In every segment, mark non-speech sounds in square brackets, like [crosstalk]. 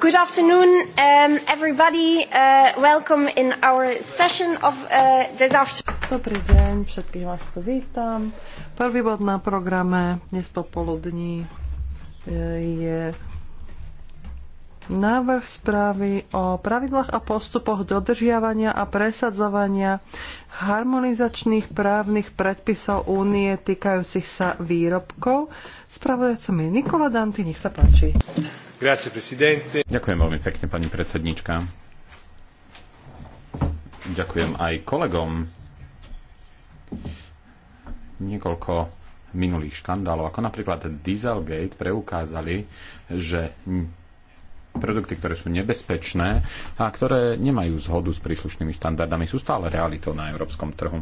Good afternoon, um, everybody. Uh, welcome in our session of uh, this afternoon. Dobrý deň, všetkých vás tu vítam. Prvý bod na programe dnes popoludní e, je návrh správy o pravidlách a postupoch dodržiavania a presadzovania harmonizačných právnych predpisov únie týkajúcich sa výrobkov. Spravodajcom je Nikola Danty, nech sa páči. Ďakujem veľmi pekne, pani predsednička. Ďakujem aj kolegom. Niekoľko minulých škandálov, ako napríklad Dieselgate, preukázali, že produkty, ktoré sú nebezpečné a ktoré nemajú zhodu s príslušnými štandardami, sú stále realitou na európskom trhu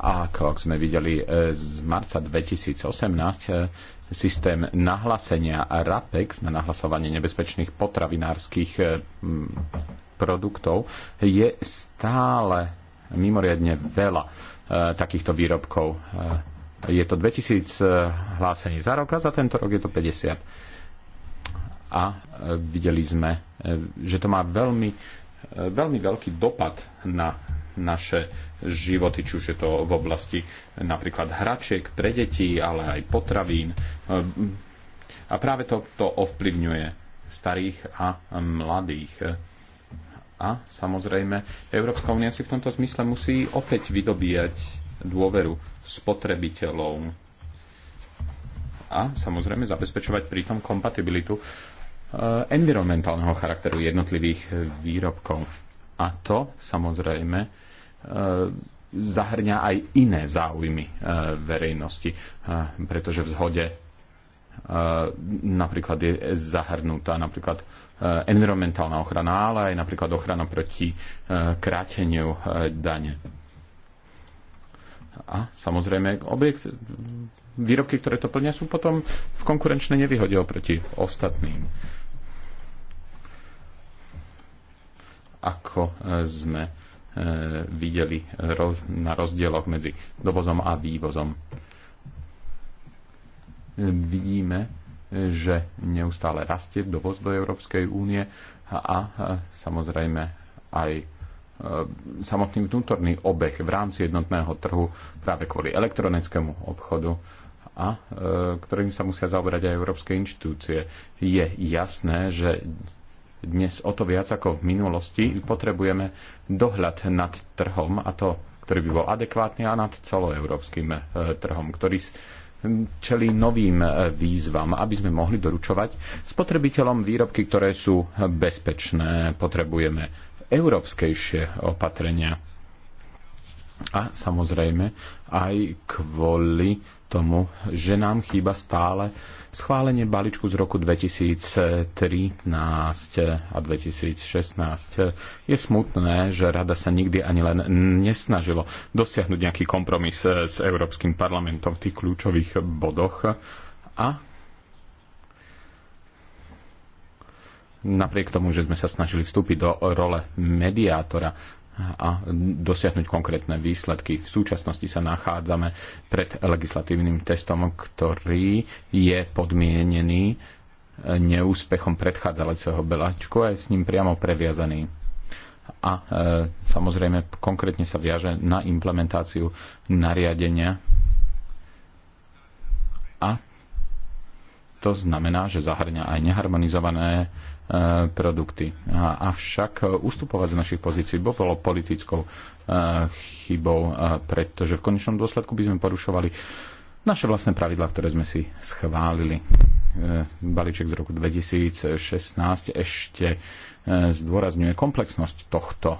ako sme videli e, z marca 2018, e, systém nahlasenia RAPEX na nahlasovanie nebezpečných potravinárskych e, produktov je stále mimoriadne veľa takýchto výrobkov. Je to 2000 hlásení za rok a za tento rok je to 50. A videli sme, že to má veľmi, veľmi veľký dopad na naše životy, či už je to v oblasti napríklad hračiek pre deti, ale aj potravín. Ehm, a práve to, to ovplyvňuje starých a mladých. A samozrejme, Európska únia si v tomto zmysle musí opäť vydobíjať dôveru spotrebiteľov a samozrejme zabezpečovať pritom kompatibilitu ehm, environmentálneho charakteru jednotlivých výrobkov a to samozrejme e, zahrňa aj iné záujmy e, verejnosti, e, pretože v zhode napríklad je zahrnutá napríklad environmentálna ochrana, ale aj napríklad ochrana proti kráteniu dane. A samozrejme, objekt, výrobky, ktoré to plnia, sú potom v konkurenčnej nevýhode oproti ostatným. ako e, sme e, videli na rozdieloch medzi dovozom a vývozom. Vidíme, e, že neustále rastie dovoz do Európskej únie a samozrejme aj samotný vnútorný obeh v rámci jednotného trhu práve kvôli elektronickému obchodu a ktorým sa musia zaoberať aj európske inštitúcie. Je jasné, že dnes o to viac ako v minulosti potrebujeme dohľad nad trhom a to, ktorý by bol adekvátny a nad celoeurópskym e, trhom, ktorý čelí novým e, výzvam, aby sme mohli doručovať spotrebiteľom výrobky, ktoré sú bezpečné. Potrebujeme európskejšie opatrenia a samozrejme aj kvôli tomu, že nám chýba stále schválenie balíčku z roku 2013 a 2016. Je smutné, že rada sa nikdy ani len nesnažilo dosiahnuť nejaký kompromis eh, s Európskym parlamentom v tých kľúčových bodoch a napriek tomu, že sme sa snažili vstúpiť do role mediátora, a dosiahnuť konkrétne výsledky. V súčasnosti sa nachádzame pred legislatívnym testom, ktorý je podmienený e, neúspechom predchádzajúceho belačku a je s ním priamo previazaný. A e, samozrejme konkrétne sa viaže na implementáciu nariadenia a to znamená, že zahrňa aj neharmonizované E, produkty. Avšak ustupovať z našich pozícií bolo politickou e, chybou, e, pretože v konečnom dôsledku by sme porušovali naše vlastné pravidlá, ktoré sme si schválili. Balíček z roku 2016 ešte zdôrazňuje komplexnosť tohto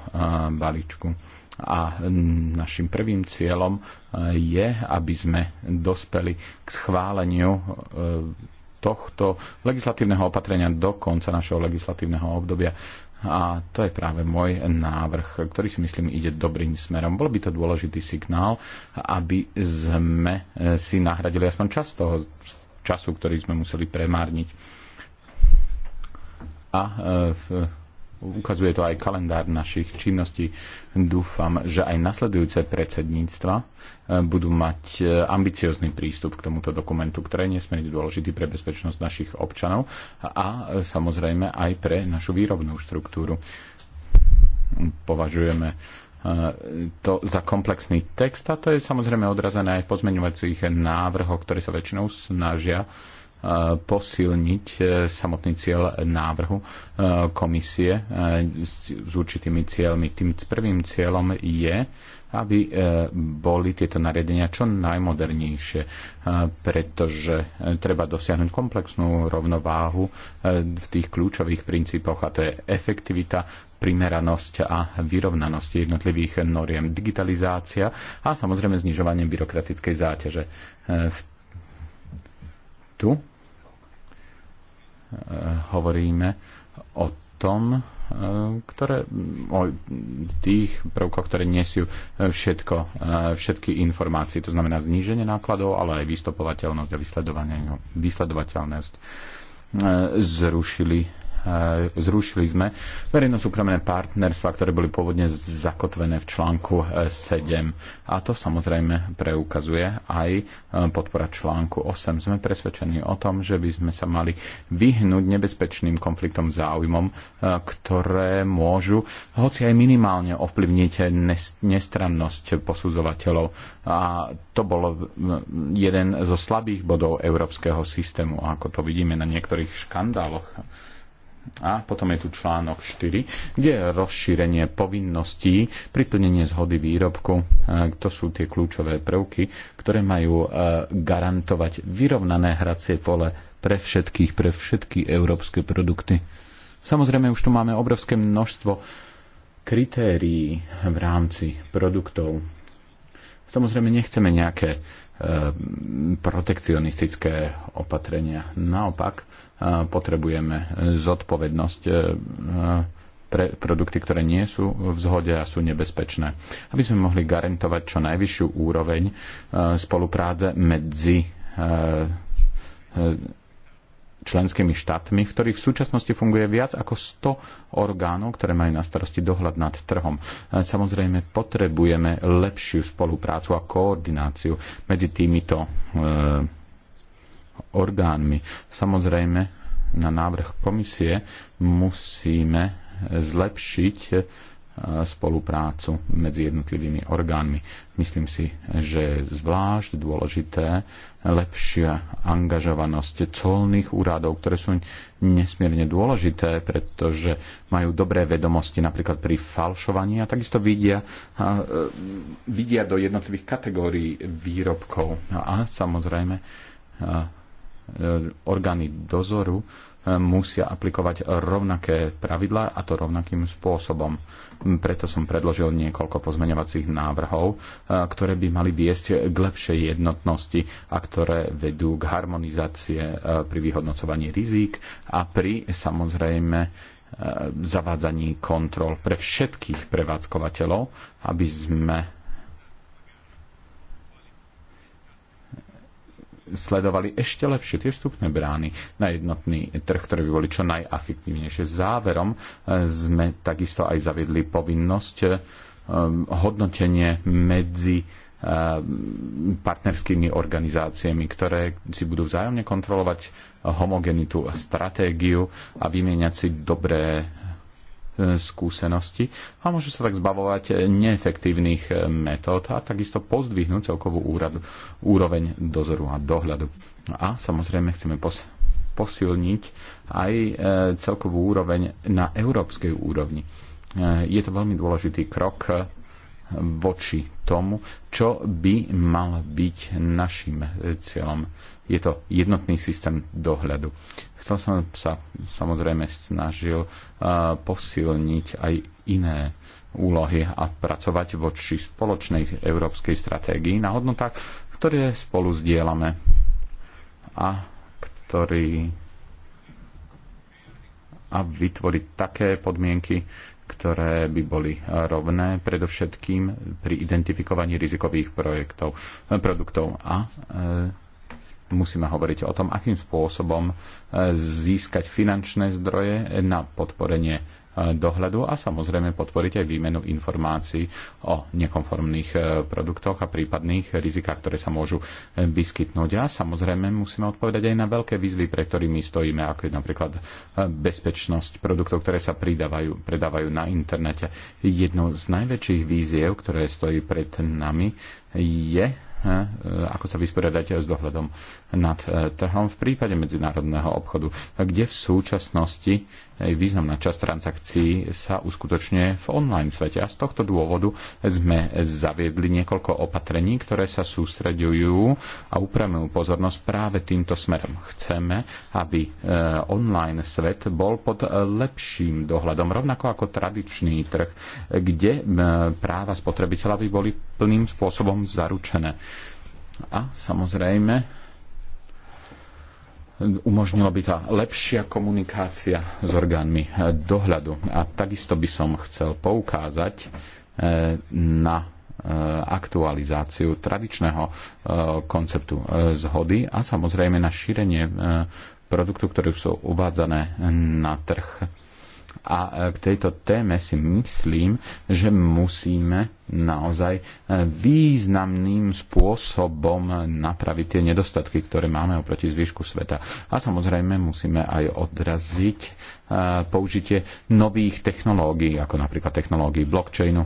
balíčku. A našim prvým cieľom je, aby sme dospeli k schváleniu tohto legislatívneho opatrenia do konca našeho legislatívneho obdobia. A to je práve môj návrh, ktorý si myslím ide dobrým smerom. Bol by to dôležitý signál, aby sme si nahradili aspoň čas toho času, ktorý sme museli premárniť. A e, v ukazuje to aj kalendár našich činností. Dúfam, že aj nasledujúce predsedníctva e, budú mať e, ambiciozný prístup k tomuto dokumentu, ktorý je nesmierne dôležitý pre bezpečnosť našich občanov a samozrejme aj pre našu výrobnú štruktúru. Považujeme e, to za komplexný text a to je samozrejme odrazené aj v pozmeňovacích návrhoch, ktoré sa väčšinou snažia uh, posilniť e, samotný cieľ návrhu e, komisie e, s určitými cieľmi. Tým prvým cieľom je, aby boli tieto nariadenia čo najmodernejšie, pretože treba dosiahnuť komplexnú rovnováhu v tých kľúčových princípoch, a to je efektivita, primeranosť a vyrovnanosť jednotlivých noriem, digitalizácia a samozrejme znižovanie byrokratickej záťaže. Tu hovoríme o tom, e, ktoré, o tých prvkoch, ktoré nesú e, všetko, e, všetky informácie, to znamená zníženie nákladov, ale aj vystopovateľnosť a vysledovateľnosť. Zrušili E, zrušili sme verejno-súkromné partnerstva, ktoré boli pôvodne zakotvené v článku 7. E, A to samozrejme preukazuje aj e, podpora článku 8. Sme presvedčení o tom, že by sme sa mali vyhnúť nebezpečným konfliktom záujmom, ktoré môžu hoci aj minimálne ovplyvniť nestrannosť posudzovateľov. A to bolo jeden zo slabých bodov európskeho systému, ako to vidíme na niektorých škandáloch a potom je tu článok 4, kde je rozšírenie povinností, priplnenie zhody výrobku. E, to sú tie kľúčové prvky, ktoré majú e, garantovať vyrovnané hracie pole pre všetkých, pre všetky európske produkty. Samozrejme, už tu máme obrovské množstvo kritérií v rámci produktov. Samozrejme, nechceme nejaké e, protekcionistické opatrenia. Naopak, potrebujeme zodpovednosť e, e, pre produkty, ktoré nie sú v zhode a sú nebezpečné. Aby sme mohli garantovať čo najvyššiu úroveň e, spolupráce medzi členskými štátmi, v ktorých v súčasnosti funguje viac ako 100 orgánov, ktoré majú na starosti dohľad nad trhom. Samozrejme, potrebujeme lepšiu spoluprácu a koordináciu medzi týmito e, orgánmi. Samozrejme, na návrh komisie musíme zlepšiť e, spoluprácu medzi jednotlivými orgánmi. Myslím si, že je zvlášť dôležité lepšia angažovanosť colných úradov, ktoré sú nesmierne dôležité, pretože majú dobré vedomosti napríklad pri falšovaní a takisto vidia, e, vidia do jednotlivých kategórií výrobkov. No a samozrejme E, orgány dozoru e, musia aplikovať rovnaké pravidlá a to rovnakým spôsobom. Preto som predložil niekoľko pozmeňovacích návrhov, e, ktoré by mali viesť k lepšej jednotnosti a ktoré vedú k harmonizácie pri vyhodnocovaní rizík a pri samozrejme zavádzaní kontrol pre všetkých prevádzkovateľov, aby sme sledovali ešte lepšie tie vstupné brány na jednotný trh, ktoré by boli čo najafektívnejšie. Záverom e, sme takisto aj zaviedli povinnosť e, hodnotenie medzi e, partnerskými organizáciami, ktoré si budú vzájomne kontrolovať homogenitu a stratégiu a vymieňať si dobré skúsenosti a môžu sa tak zbavovať neefektívnych eh, metód a takisto pozdvihnúť celkovú úradu, úroveň dozoru a dohľadu. A samozrejme chceme pos- posilniť aj eh, celkovú úroveň na európskej úrovni. Eh, je to veľmi dôležitý krok voči tomu, čo by mal byť našim cieľom. Je to jednotný systém dohľadu. Chcel som sa samozrejme snažil posilniť aj iné úlohy a pracovať voči spoločnej európskej stratégii na hodnotách, ktoré spolu zdieľame a ktorý a vytvoriť také podmienky, ktoré by boli rovné, predovšetkým pri identifikovaní rizikových projektov, eh, produktov. A eh, musíme hovoriť o tom, akým spôsobom eh, získať finančné zdroje na podporenie E, dohľadu a samozrejme podporiť aj výmenu informácií o nekonformných e, produktoch a prípadných rizikách, ktoré sa môžu e, vyskytnúť. A samozrejme musíme odpovedať aj na veľké výzvy, pre ktorými stojíme, ako je napríklad bezpečnosť produktov, ktoré sa pridávajú, predávajú na internete. Jednou z najväčších víziev, ktoré stojí pred nami, je ako sa vysporiadať s dohľadom nad trhom v prípade medzinárodného obchodu, kde v súčasnosti významná časť transakcií sa uskutočňuje v online svete. A z tohto dôvodu sme zaviedli niekoľko opatrení, ktoré sa sústreďujú a upravujú pozornosť práve týmto smerom. Chceme, aby e, online svet bol pod lepším dohľadom, rovnako ako tradičný trh, kde e, práva spotrebiteľa by boli plným spôsobom zaručené. A samozrejme, umožnila by tá lepšia komunikácia s orgánmi eh, dohľadu. A takisto by som chcel poukázať eh, na eh, aktualizáciu tradičného konceptu zhody a samozrejme na šírenie produktu, ktoré sú uvádzané na trh a e, k tejto téme si myslím, že musíme naozaj e, významným spôsobom napraviť tie nedostatky, ktoré máme oproti zvyšku sveta. A samozrejme musíme aj odraziť e, použitie nových technológií, ako napríklad technológií blockchainu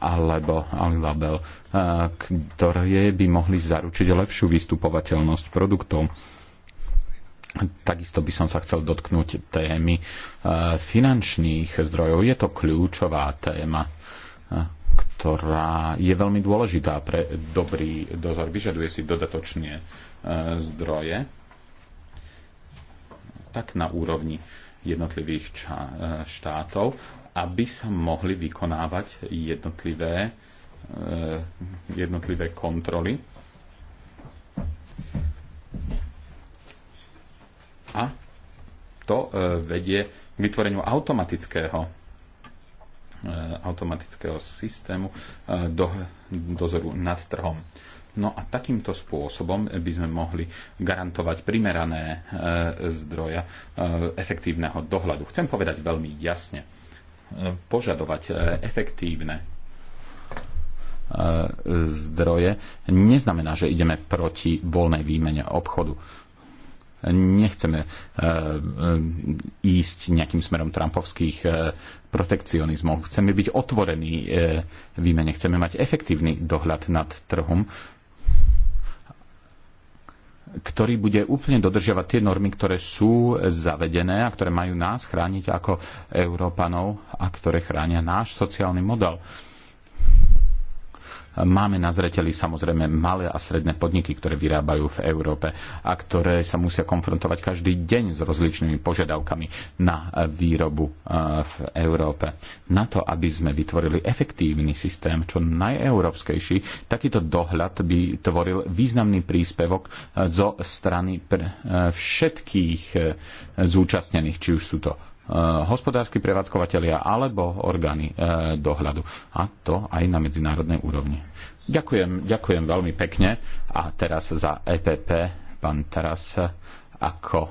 alebo Alibabel, ktoré by mohli zaručiť lepšiu vystupovateľnosť produktov Takisto by som sa chcel dotknúť témy e, finančných zdrojov. Je to kľúčová téma, e, ktorá je veľmi dôležitá pre dobrý dozor. Vyžaduje si dodatočné e, zdroje tak na úrovni jednotlivých štátov, aby sa mohli vykonávať jednotlivé, jednotlivé kontroly a to e, vedie k vytvoreniu automatického e, automatického systému e, do, dozoru nad trhom. No a takýmto spôsobom by sme mohli garantovať primerané zdroja efektívneho dohľadu. Chcem povedať veľmi jasne, požadovať efektívne zdroje neznamená, že ideme proti voľnej výmene obchodu nechceme eh, eh, ísť nejakým smerom trumpovských eh, protekcionizmov. Chceme byť otvorení výmene, chceme mať efektívny dohľad nad trhom, ktorý bude úplne dodržiavať tie normy, ktoré sú zavedené a ktoré majú nás chrániť ako Európanov a ktoré chránia náš sociálny model. Máme na zreteli samozrejme malé a stredné podniky, ktoré vyrábajú v Európe a ktoré sa musia konfrontovať každý deň s rozličnými požiadavkami na výrobu e, v Európe. Na to, aby sme vytvorili efektívny systém, čo najeurópskejší, takýto dohľad by tvoril významný príspevok e, zo strany e, všetkých zúčastnených, či už sú to Eh, hospodársky prevádzkovateľia alebo orgány eh, dohľadu. A to aj na medzinárodnej úrovni. Ďakujem, ďakujem veľmi pekne. A teraz za EPP, pán Taras, eh, ako...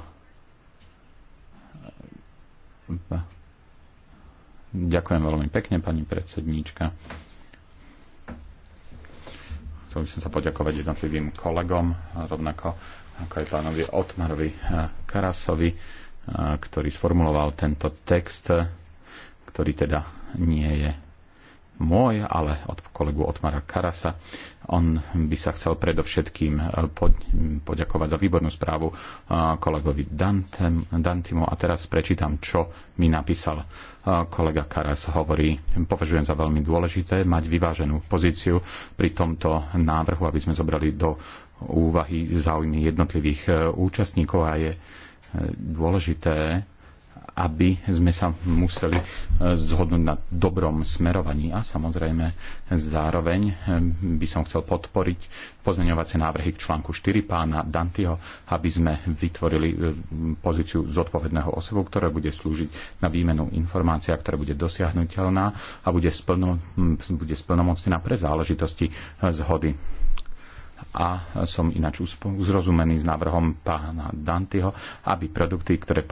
Ďakujem veľmi pekne, pani predsedníčka. Chcel by som sa poďakovať jednotlivým kolegom, rovnako ako aj pánovi Otmarovi Karasovi ktorý sformuloval tento text, ktorý teda nie je môj, ale od kolegu Otmara Karasa. On by sa chcel predovšetkým e, poďakovať za výbornú správu e, kolegovi Dantem, Dantimu a teraz prečítam, čo mi napísal e, kolega Karas. Hovorí, považujem za veľmi dôležité mať vyváženú pozíciu pri tomto návrhu, aby sme zobrali do úvahy záujmy jednotlivých účastníkov a je dôležité, aby sme sa museli eh, zhodnúť na dobrom smerovaní a samozrejme zároveň eh, by som chcel podporiť pozmeňovacie návrhy k článku 4 pána Dantyho, aby sme vytvorili eh, pozíciu zodpovedného osobu, ktorá bude slúžiť na výmenu informácia, ktorá bude dosiahnuteľná a bude, splno, bude splnomocnená pre záležitosti zhody a som ináč zrozumený s návrhom pána Dantyho, aby produkty, ktoré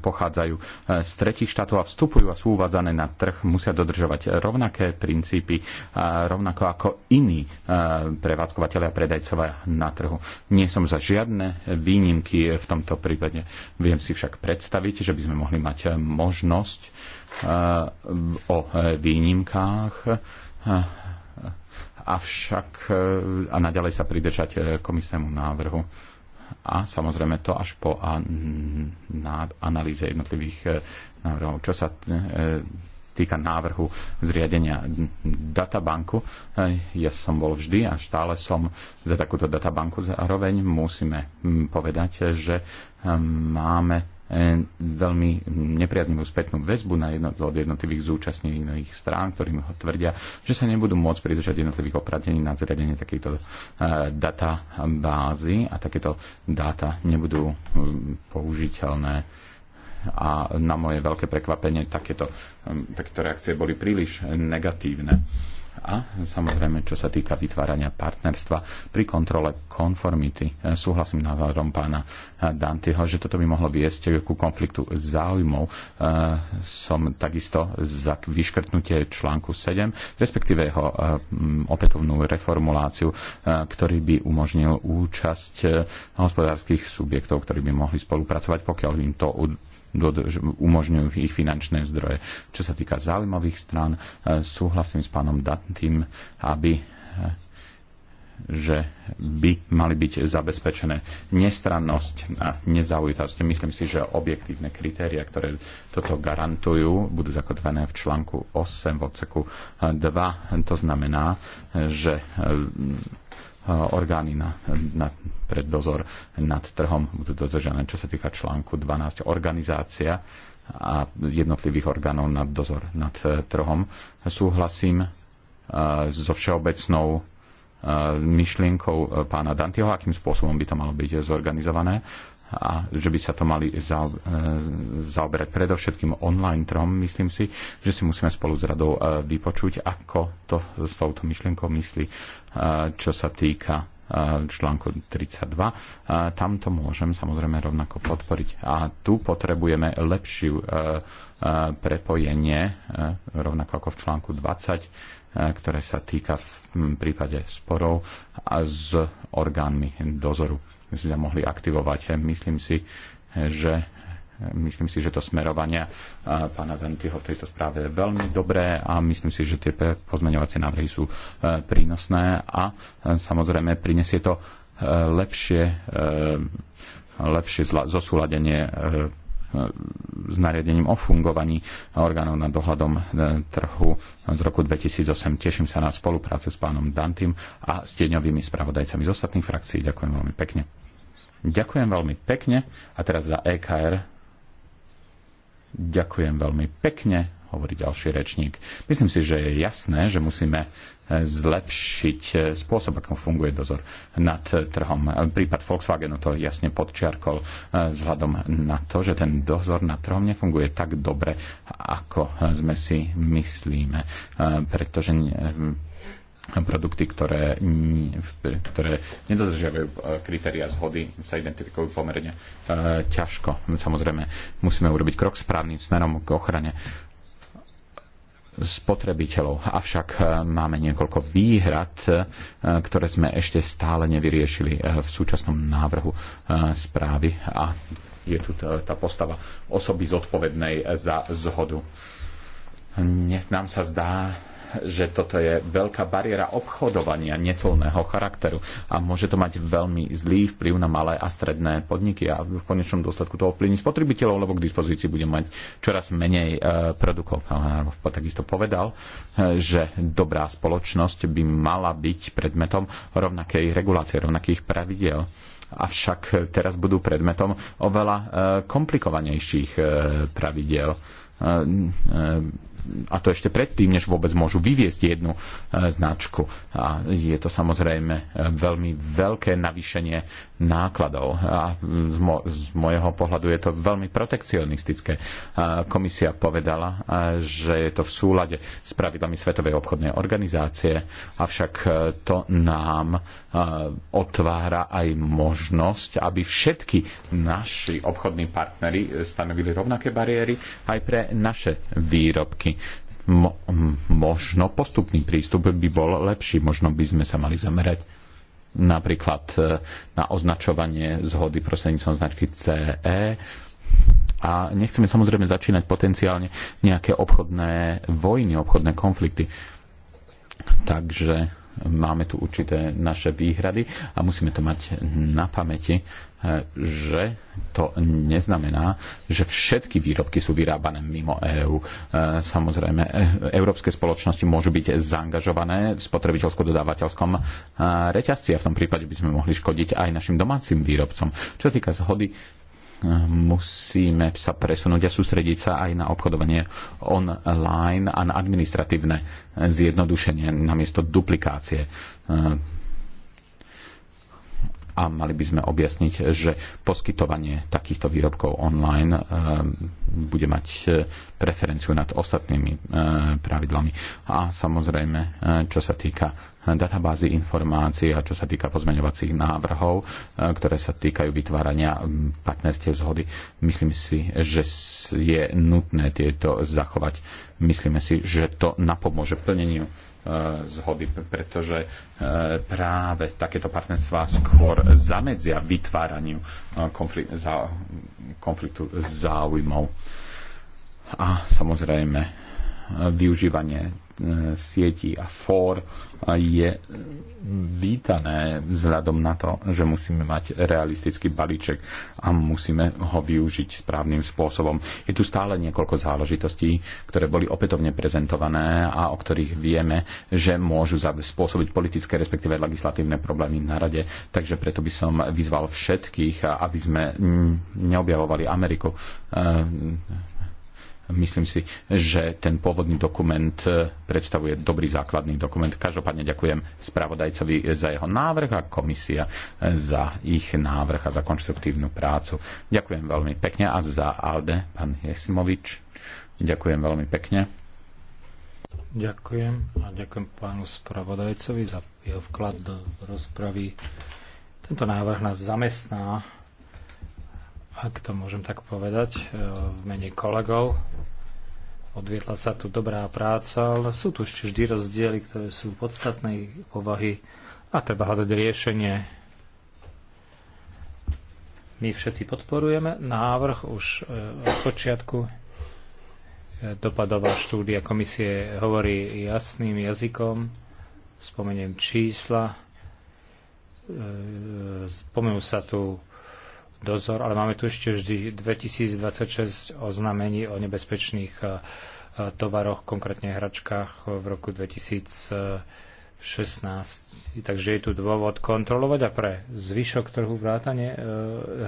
pochádzajú e, z tretich štátov a vstupujú a sú uvádzané na trh, musia dodržovať rovnaké princípy, e, rovnako ako iní e, prevádzkovateľe a predajcovia na trhu. Nie som za žiadne výnimky v tomto prípade. Viem si však predstaviť, že by sme mohli mať možnosť o výnimkách avšak e, a naďalej sa pridržať e, komisnému návrhu a samozrejme to až po analýze jednotlivých e, návrhov. Čo sa týka návrhu zriadenia databanku. Ja som bol vždy a stále som za takúto databanku. Zároveň musíme povedať, že máme Eh, veľmi nepriaznivú spätnú väzbu na jedno, od jednotlivých zúčastnených strán, ktorým ho tvrdia, že sa nebudú môcť pridržať jednotlivých opratení na zriadenie takejto eh, databázy a takéto dáta nebudú mm, použiteľné a na moje veľké prekvapenie takéto, takéto reakcie boli príliš negatívne. A samozrejme, čo sa týka vytvárania partnerstva pri kontrole konformity, e, súhlasím názorom pána e, Dantyho, že toto by mohlo viesť ku konfliktu záujmov. E, som takisto za vyškrtnutie článku 7, respektíve jeho opätovnú reformuláciu, ktorý by umožnil účasť hospodárskych subjektov, ktorí by mohli spolupracovať, pokiaľ im to umožňujú ich finančné zdroje. Čo sa týka zaujímavých strán, e, súhlasím s pánom Dantým, aby e, že by mali byť zabezpečené nestrannosť a nezaujitosť. Myslím si, že objektívne kritéria, ktoré toto garantujú, budú zakotvené v článku 8 v odseku 2. E, to znamená, že Eh, orgány na, na, pred dozor nad trhom budú dodržané. Čo sa týka článku 12, organizácia a jednotlivých orgánov nad dozor nad eh, trhom. Súhlasím eh, so všeobecnou myšlienkou pána Dantiho, akým spôsobom by to malo byť zorganizované a že by sa to mali e, zaoberať predovšetkým online trom. Myslím si, že si musíme spolu s radou e, vypočuť, ako to s touto myšlienkou myslí, e, čo sa týka článku 32. Tam to môžem samozrejme rovnako podporiť. A tu potrebujeme lepšie prepojenie, rovnako ako v článku 20, ktoré sa týka v prípade sporov a s orgánmi dozoru sme sa mohli aktivovať. Myslím si, že Myslím si, že to smerovanie pána Ventyho v tejto správe je veľmi dobré a myslím si, že tie pozmeňovacie návrhy sú e, prínosné a e, samozrejme prinesie to e, lepšie, lepšie zosúladenie s nariadením o fungovaní orgánov nad dohľadom trhu z roku 2008. Teším sa na spoluprácu s pánom Dantym a s tieňovými spravodajcami z ostatných frakcií. Ďakujem veľmi pekne. Ďakujem veľmi pekne a teraz za EKR. Ďakujem veľmi pekne, hovorí ďalší rečník. Myslím si, že je jasné, že musíme e, zlepšiť e, spôsob, ako funguje dozor nad e, trhom. Prípad Volkswagenu to jasne podčiarkol vzhľadom na to, že ten dozor nad trhom nefunguje tak dobre, ako sme si myslíme, pretože produkty, ktoré, ktoré nedodržiavajú e, kritéria zhody, sa identifikujú pomerne e, ťažko. Samozrejme, musíme urobiť krok správnym smerom k ochrane spotrebiteľov. Avšak e, máme niekoľko výhrad, ktoré sme ešte stále nevyriešili v súčasnom návrhu správy a je tu tá postava osoby zodpovednej za zhodu. Nám sa zdá, že toto je veľká bariéra obchodovania necolného charakteru a môže to mať veľmi zlý vplyv na malé a stredné podniky a v konečnom dôsledku to ovplyvní spotrebiteľov, lebo k dispozícii bude mať čoraz menej e, produkov. takisto povedal, e, že dobrá spoločnosť by mala byť predmetom rovnakej regulácie, rovnakých pravidel avšak teraz budú predmetom oveľa e, komplikovanejších pravidel a to ešte predtým, než vôbec môžu vyviesť jednu e, značku. A je to samozrejme e, veľmi veľké navýšenie nákladov. A z, mo- z môjho pohľadu je to veľmi protekcionistické. E, komisia povedala, že je to v súlade s pravidlami Svetovej obchodnej organizácie, avšak to nám otvára aj možnosť, aby všetky naši obchodní partnery stanovili rovnaké bariéry aj pre naše výrobky mo- možno postupný prístup by bol lepší. Možno by sme sa mali zamerať napríklad e, na označovanie zhody prostredníctvom značky CE. A nechceme samozrejme začínať potenciálne nejaké obchodné vojny, obchodné konflikty. Takže máme tu určité naše výhrady a musíme to mať na pamäti že to neznamená, že všetky výrobky sú vyrábané mimo EÚ. E, samozrejme, e, európske spoločnosti môžu byť zaangažované v spotrebiteľsko-dodávateľskom e, reťazci a v tom prípade by sme mohli škodiť aj našim domácim výrobcom. Čo týka zhody musíme sa presunúť a sústrediť sa aj na obchodovanie online a na administratívne zjednodušenie namiesto duplikácie a mali by sme objasniť, že poskytovanie takýchto výrobkov online eh, bude mať eh, preferenciu nad ostatnými eh, pravidlami. A samozrejme, čo sa týka databázy informácií a čo sa týka pozmeňovacích návrhov, ktoré sa týkajú vytvárania hm, partnerstiev zhody. Myslím si, že je nutné tieto zachovať. Myslíme si, že to napomôže plneniu E, zhody, pretože e, práve takéto partnerstvá skôr zamedzia vytváraniu e, konfliktu záujmov. A samozrejme, využívanie e, sietí a fór e, je vítané vzhľadom na to, že musíme mať realistický balíček a musíme ho využiť správnym spôsobom. Je tu stále niekoľko záležitostí, ktoré boli opätovne prezentované a o ktorých vieme, že môžu spôsobiť politické, respektíve legislatívne problémy na rade. Takže preto by som vyzval všetkých, aby sme neobjavovali Ameriku e, Myslím si, že ten pôvodný dokument e, predstavuje dobrý základný dokument. Každopádne ďakujem spravodajcovi e, za jeho návrh a komisia e, za ich návrh a za konštruktívnu prácu. Ďakujem veľmi pekne a za ALDE, pán Jesimovič. Ďakujem veľmi pekne. Ďakujem a ďakujem pánu spravodajcovi za jeho vklad do rozpravy. Tento návrh nás zamestná ak to môžem tak povedať, e, v mene kolegov. Odvietla sa tu dobrá práca, ale sú tu ešte vždy rozdiely, ktoré sú podstatnej povahy a treba hľadať riešenie. My všetci podporujeme návrh už e, od počiatku. E, dopadová štúdia komisie hovorí jasným jazykom, spomeniem čísla, spomenú sa tu dozor, ale máme tu ešte vždy 2026 oznámení o nebezpečných e, e, tovaroch, konkrétne hračkách v roku 2016. Takže je tu dôvod kontrolovať a pre zvyšok trhu vrátane e,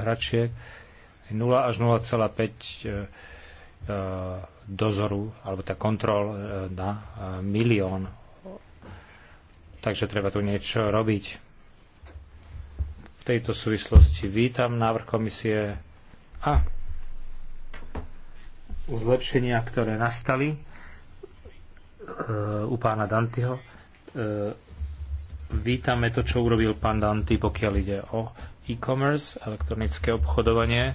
hračiek 0 až 0,5 dozoru alebo tá kontrol na milión. Takže treba tu niečo robiť tejto súvislosti vítam návrh komisie a zlepšenia, ktoré nastali e, u pána Dantyho. E, vítame to, čo urobil pán Danty, pokiaľ ide o e-commerce, elektronické obchodovanie.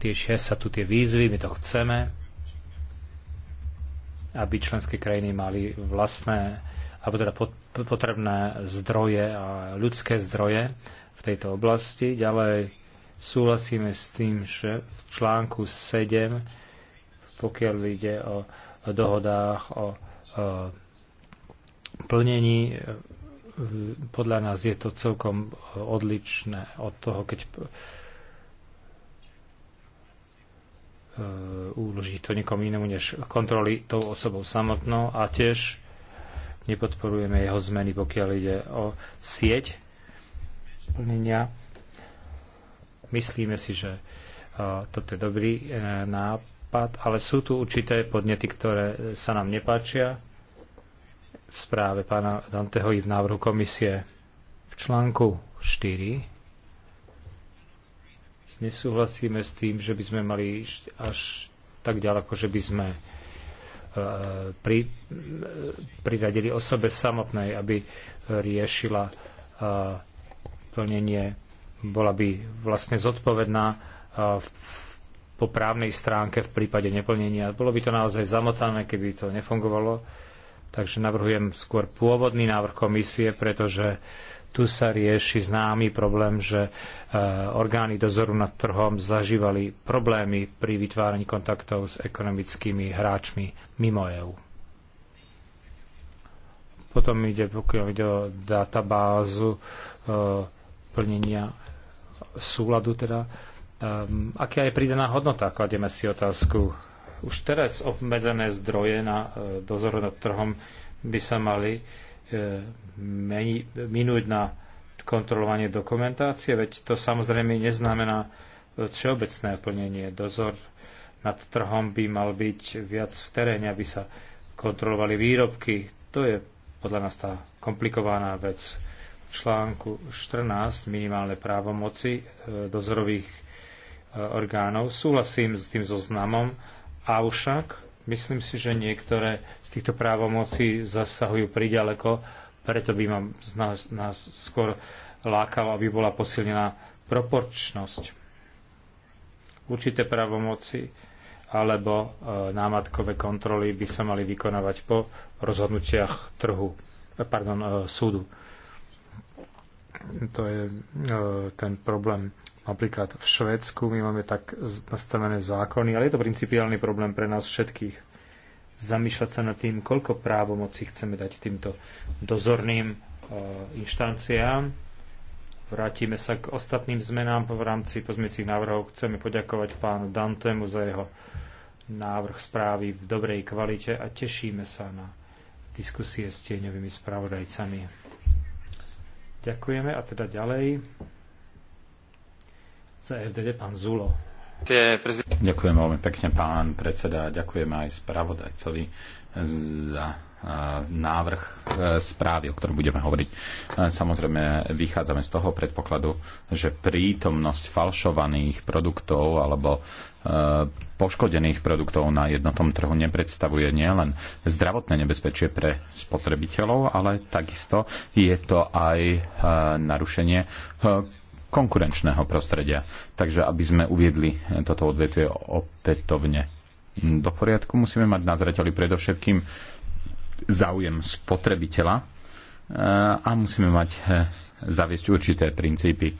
Riešia sa tu tie výzvy, my to chceme, aby členské krajiny mali vlastné, alebo teda pod, potrebné zdroje a ľudské zdroje v tejto oblasti. Ďalej súhlasíme s tým, že v článku 7, pokiaľ ide o, dohodách o, o plnení, podľa nás je to celkom odlišné od toho, keď úloží e, to nikomu inému než kontroly tou osobou samotnou a tiež nepodporujeme jeho zmeny, pokiaľ ide o sieť plnenia. Myslíme si, že toto je dobrý e, nápad, ale sú tu určité podnety, ktoré sa nám nepáčia v správe pána Danteho i v návrhu komisie v článku 4 nesúhlasíme s tým, že by sme mali až tak ďaleko, že by sme E, pri, e, priradili osobe samotnej, aby riešila e, plnenie, bola by vlastne zodpovedná v, po právnej stránke v prípade neplnenia. Bolo by to naozaj zamotané, keby to nefungovalo. Takže navrhujem skôr pôvodný návrh komisie, pretože tu sa rieši známy problém, že e, orgány dozoru nad trhom zažívali problémy pri vytváraní kontaktov s ekonomickými hráčmi mimo EÚ. Potom ide, pokiaľ ide o databázu e, plnenia súladu, teda, e, aká je pridaná hodnota, kladieme si otázku. Už teraz obmedzené zdroje na dozor nad trhom by sa mali uh, E, minúť na kontrolovanie dokumentácie, veď to samozrejme neznamená e, všeobecné plnenie. Dozor nad trhom by mal byť viac v teréne, aby sa kontrolovali výrobky. To je podľa nás tá komplikovaná vec. V článku 14 minimálne právomoci e, dozorových orgánov. Súhlasím s tým zoznamom, avšak Myslím si, že niektoré z týchto právomocí zasahujú priďaleko, preto by mám z nás, nás skôr lákalo, aby bola posilnená proporčnosť. Určité právomoci alebo e, námatkové kontroly by sa mali vykonávať po rozhodnutiach trhu, e, pardon, e, súdu. To je e, ten problém Napríklad v Švedsku my máme tak nastavené zákony, ale je to principiálny problém pre nás všetkých. Zamýšľať sa nad tým, koľko právomoci chceme dať týmto dozorným e, inštanciám. Vrátime sa k ostatným zmenám v rámci pozmiecich návrhov. Chceme poďakovať pánu Dantemu za jeho návrh správy v dobrej kvalite a tešíme sa na diskusie s tieňovými spravodajcami. Ďakujeme a teda ďalej. CFDD, pán Zulo. Ďakujem veľmi pekne, pán predseda. Ďakujem aj spravodajcovi za návrh e, správy, o ktorom budeme hovoriť. Samozrejme, vychádzame z toho predpokladu, že prítomnosť falšovaných produktov alebo e, poškodených produktov na jednotnom trhu nepredstavuje nielen zdravotné nebezpečie pre spotrebiteľov, ale takisto je to aj e, narušenie konkurenčného prostredia. Takže aby sme uviedli eh, toto odvetvie opätovne do poriadku, musíme mať na zreteli predovšetkým záujem spotrebiteľa eh, a musíme mať eh, zaviesť určité princípy.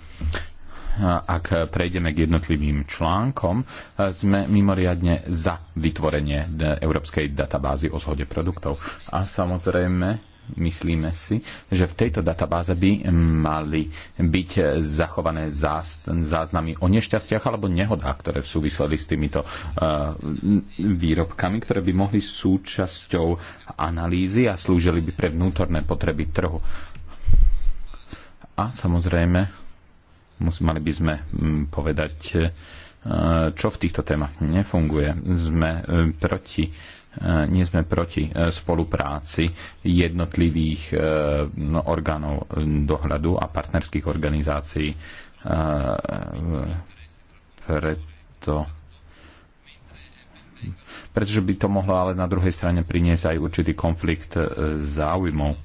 Ak prejdeme k jednotlivým článkom, sme mimoriadne za vytvorenie európskej databázy o zhode produktov. A samozrejme, myslíme si, že v tejto databáze by mali byť zachované záznamy o nešťastiach alebo nehodách, ktoré súviseli s týmito eh, výrobkami, ktoré by mohli súčasťou analýzy a slúžili by pre vnútorné potreby trhu. A samozrejme, mali by sme mm, povedať, eh, čo v týchto témach nefunguje. Sme eh, proti E, nie sme proti e, spolupráci jednotlivých e, orgánov dohľadu a partnerských organizácií. Preto pretože by to mohlo ale na druhej strane priniesť aj určitý konflikt záujmov.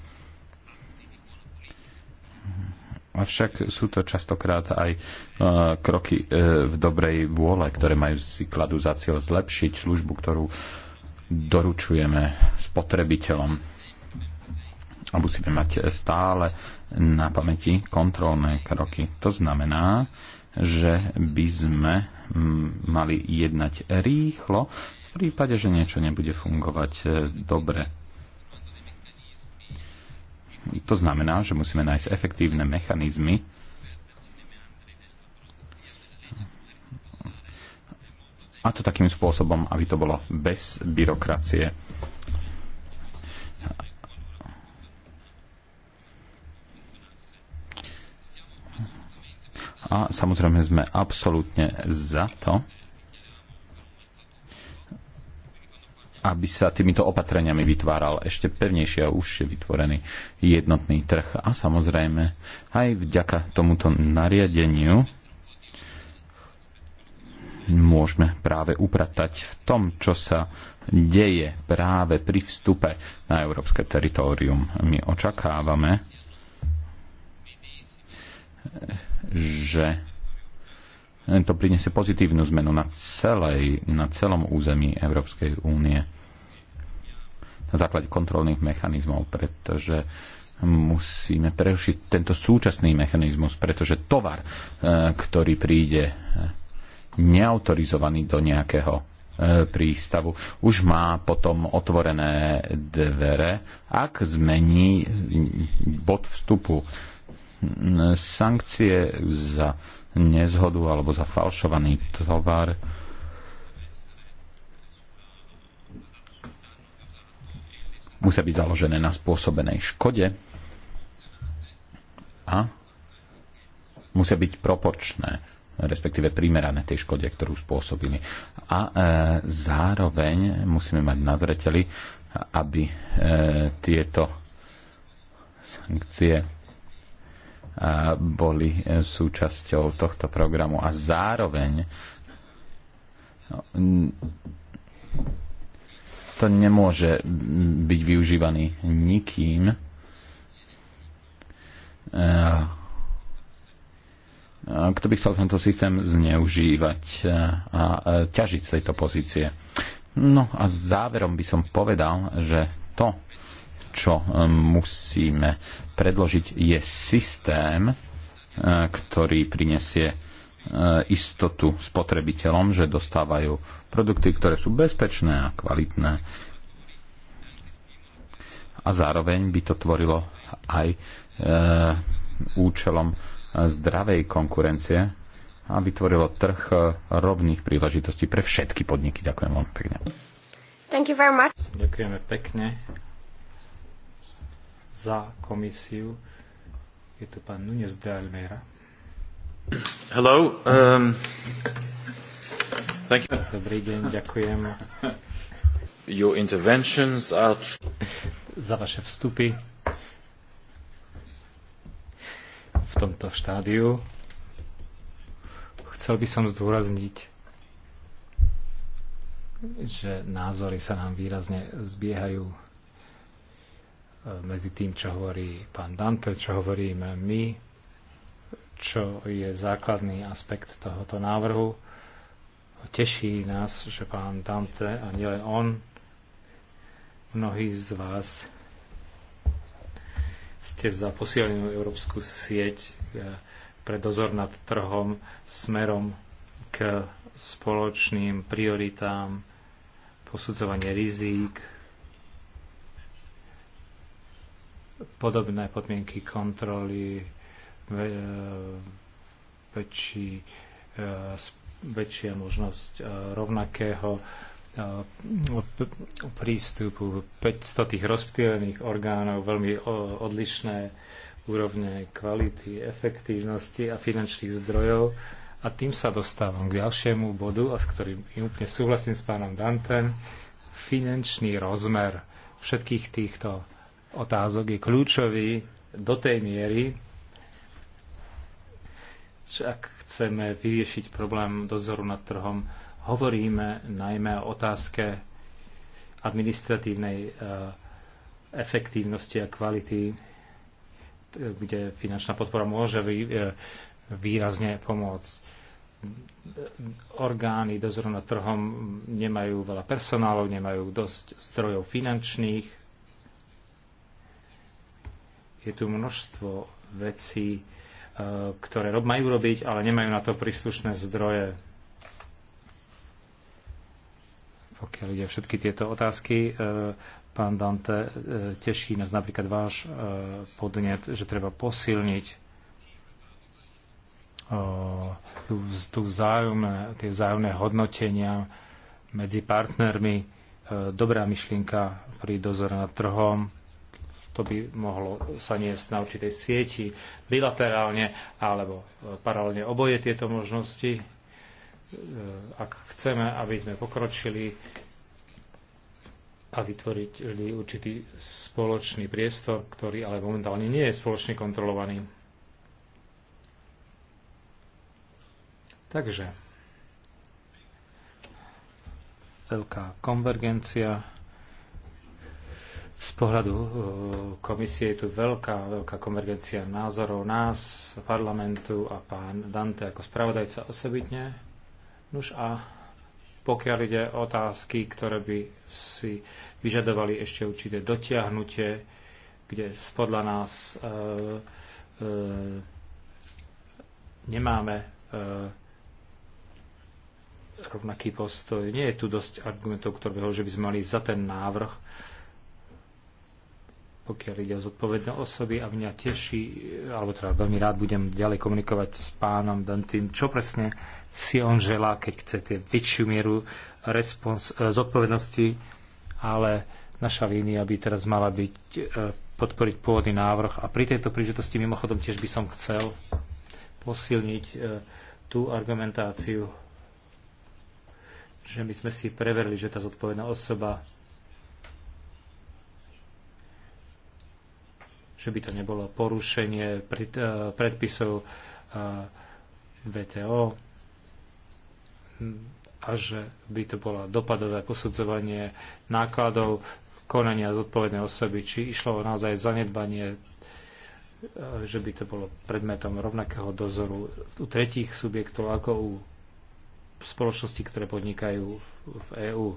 Avšak sú to častokrát aj kroky v dobrej vôle, ktoré majú si kladu za cieľ zlepšiť službu, ktorú doručujeme spotrebiteľom a musíme mať stále na pamäti kontrolné kroky. To znamená, že by sme mali jednať rýchlo v prípade, že niečo nebude fungovať e, dobre. To znamená, že musíme nájsť efektívne mechanizmy, A to takým spôsobom, aby to bolo bez byrokracie. A samozrejme sme absolútne za to, aby sa týmito opatreniami vytváral ešte pevnejšie a užšie vytvorený jednotný trh. A samozrejme, aj vďaka tomuto nariadeniu môžeme práve upratať v tom, čo sa deje práve pri vstupe na európske teritorium. My očakávame, že to priniesie pozitívnu zmenu na, celej, na celom území Európskej únie na základe kontrolných mechanizmov, pretože musíme prerušiť tento súčasný mechanizmus, pretože tovar, e, ktorý príde e, neautorizovaný do nejakého e, prístavu, už má potom otvorené dvere, ak zmení bod vstupu sankcie za nezhodu alebo za falšovaný tovar musia byť založené na spôsobenej škode a musia byť proporčné respektíve primerané tej škode, ktorú spôsobili. A e, zároveň musíme mať na zreteli, aby e, tieto sankcie e, boli e, súčasťou tohto programu a zároveň no, to nemôže byť využívaný nikým, e, kto by chcel tento systém zneužívať a ťažiť z tejto pozície. No a záverom by som povedal, že to, čo e, musíme predložiť, je systém, e, ktorý prinesie e, istotu spotrebiteľom, že dostávajú produkty, ktoré sú bezpečné a kvalitné. A zároveň by to tvorilo aj účelom zdravej konkurencie a vytvorilo trh e, rovných príležitostí pre všetky podniky. Ďakujem veľmi pekne. Thank you very much. Ďakujeme pekne za komisiu. Je tu pán Nunes de Almeida. Hello. Um, thank you. Dobrý deň, ďakujem. Your interventions are... za vaše vstupy v tomto štádiu. Chcel by som zdôrazniť, že názory sa nám výrazne zbiehajú e, medzi tým, čo hovorí pán Dante, čo hovoríme my, čo je základný aspekt tohoto návrhu. Teší nás, že pán Dante a nielen on, mnohí z vás ste za posilnenú európsku sieť e, pre dozor nad trhom smerom k spoločným prioritám, posudzovanie rizík, podobné podmienky kontroly, e, väčší, e, väčšia možnosť rovnakého No, prístupu 500 tých rozptýlených orgánov, veľmi odlišné úrovne kvality, efektívnosti a finančných zdrojov. A tým sa dostávam k ďalšiemu bodu, a s ktorým úplne súhlasím s pánom Dantem, finančný rozmer všetkých týchto otázok je kľúčový do tej miery, že ak chceme vyriešiť problém dozoru nad trhom, Hovoríme najmä o otázke administratívnej eh, efektívnosti a kvality, kde finančná podpora môže eh, výrazne pomôcť orgány dozoru nad trhom nemajú veľa personálov, nemajú dosť zdrojov finančných. Je tu množstvo vecí, eh, ktoré majú robiť, ale nemajú na to príslušné zdroje pokiaľ ide všetky tieto otázky. E, pán Dante, e, teší nás napríklad váš e, podnet, že treba posilniť tú vzájomné, tie vzájomné hodnotenia medzi partnermi, dobrá myšlienka pri dozore nad trhom, to by mohlo sa niesť na určitej sieti bilaterálne alebo paralelne oboje tieto možnosti E, ak chceme, aby sme pokročili a vytvorili určitý spoločný priestor, ktorý ale momentálne nie je spoločne kontrolovaný. Takže veľká konvergencia. Z pohľadu e, komisie je tu veľká, veľká konvergencia názorov nás, parlamentu a pán Dante ako spravodajca osobitne Nuž a pokiaľ ide o otázky, ktoré by si vyžadovali ešte určité dotiahnutie, kde podľa nás e, e, nemáme e, rovnaký postoj. Nie je tu dosť argumentov, ktoré by, že by sme mali za ten návrh, pokiaľ ide o zodpovedné osoby a mňa teší, alebo teda veľmi rád budem ďalej komunikovať s pánom Dantým, čo presne si on želá, keď chcete väčšiu mieru respons- e, zodpovednosti, ale naša línia by teraz mala byť e, podporiť pôvodný návrh. A pri tejto príležitosti mimochodom tiež by som chcel posilniť e, tú argumentáciu, že my sme si preverili, že tá zodpovedná osoba že by to nebolo porušenie predpisov VTO, a že by to bolo dopadové posudzovanie nákladov konania zodpovednej osoby, či išlo o naozaj zanedbanie, e, že by to bolo predmetom rovnakého dozoru u tretích subjektov ako u spoločnosti, ktoré podnikajú v EÚ.